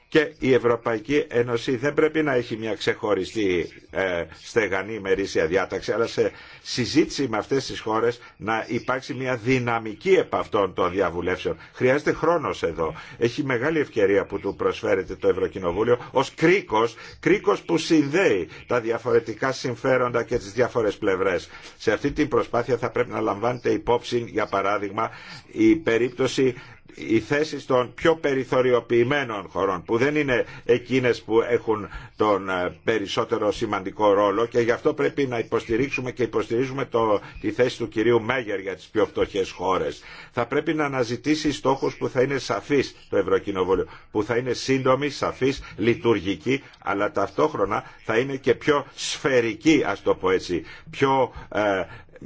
και η Ευρωπαϊκή Ένωση δεν πρέπει να έχει μια ξεχωριστή ε, στεγανή μερίσια διάταξη, αλλά σε συζήτηση με αυτές τις χώρες να υπάρξει μια δυναμική επ' αυτών των διαβουλεύσεων. Χρειάζεται χρόνος εδώ. Έχει μεγάλη ευκαιρία που του προσφέρεται το Ευρωκοινοβούλιο ως κρίκος, κρίκος που συνδέει τα διαφορετικά συμφέροντα και τις διάφορες πλευρές. Σε αυτή την προσπάθεια θα πρέπει να λαμβάνετε υπόψη, για παράδειγμα, η περίπτωση οι θέσεις των πιο περιθωριοποιημένων χωρών που δεν είναι εκείνες που έχουν τον ε, περισσότερο σημαντικό ρόλο και γι' αυτό πρέπει να υποστηρίξουμε και υποστηρίζουμε το, τη θέση του κυρίου Μέγερ για τις πιο φτωχές χώρες. Θα πρέπει να αναζητήσει στόχους που θα είναι σαφείς το Ευρωκοινοβούλιο, που θα είναι σύντομοι, σαφείς, λειτουργική, αλλά ταυτόχρονα θα είναι και πιο σφαιρικοί, ας το πω έτσι, πιο ε,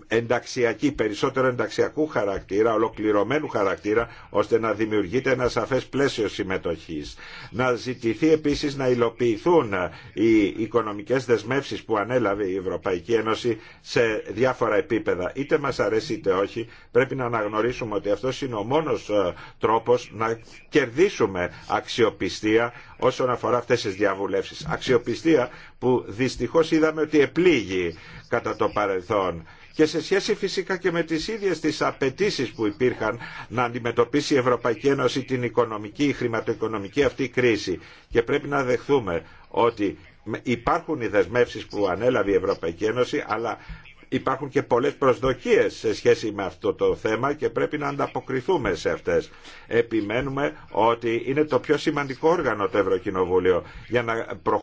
ενταξιακή, περισσότερο ενταξιακού χαρακτήρα, ολοκληρωμένου χαρακτήρα, ώστε να δημιουργείται ένα σαφές πλαίσιο συμμετοχής. Να ζητηθεί επίσης να υλοποιηθούν οι οικονομικές δεσμεύσεις που ανέλαβε η Ευρωπαϊκή Ένωση σε διάφορα επίπεδα. Είτε μας αρέσει είτε όχι, πρέπει να αναγνωρίσουμε ότι αυτό είναι ο μόνος ε, τρόπος να κερδίσουμε αξιοπιστία όσον αφορά αυτές τις διαβουλεύσεις. Αξιοπιστία που δυστυχώς είδαμε ότι επλήγει κατά το παρελθόν και σε σχέση φυσικά και με τις ίδιες τις απαιτήσεις που υπήρχαν να αντιμετωπίσει η Ευρωπαϊκή Ένωση την οικονομική, η χρηματοοικονομική αυτή κρίση. Και πρέπει να δεχθούμε ότι υπάρχουν οι δεσμεύσεις που ανέλαβε η Ευρωπαϊκή Ένωση, αλλά υπάρχουν και πολλές προσδοκίες σε σχέση με αυτό το θέμα και πρέπει να ανταποκριθούμε σε αυτές. Επιμένουμε ότι είναι το πιο σημαντικό όργανο το Ευρωκοινοβούλιο για να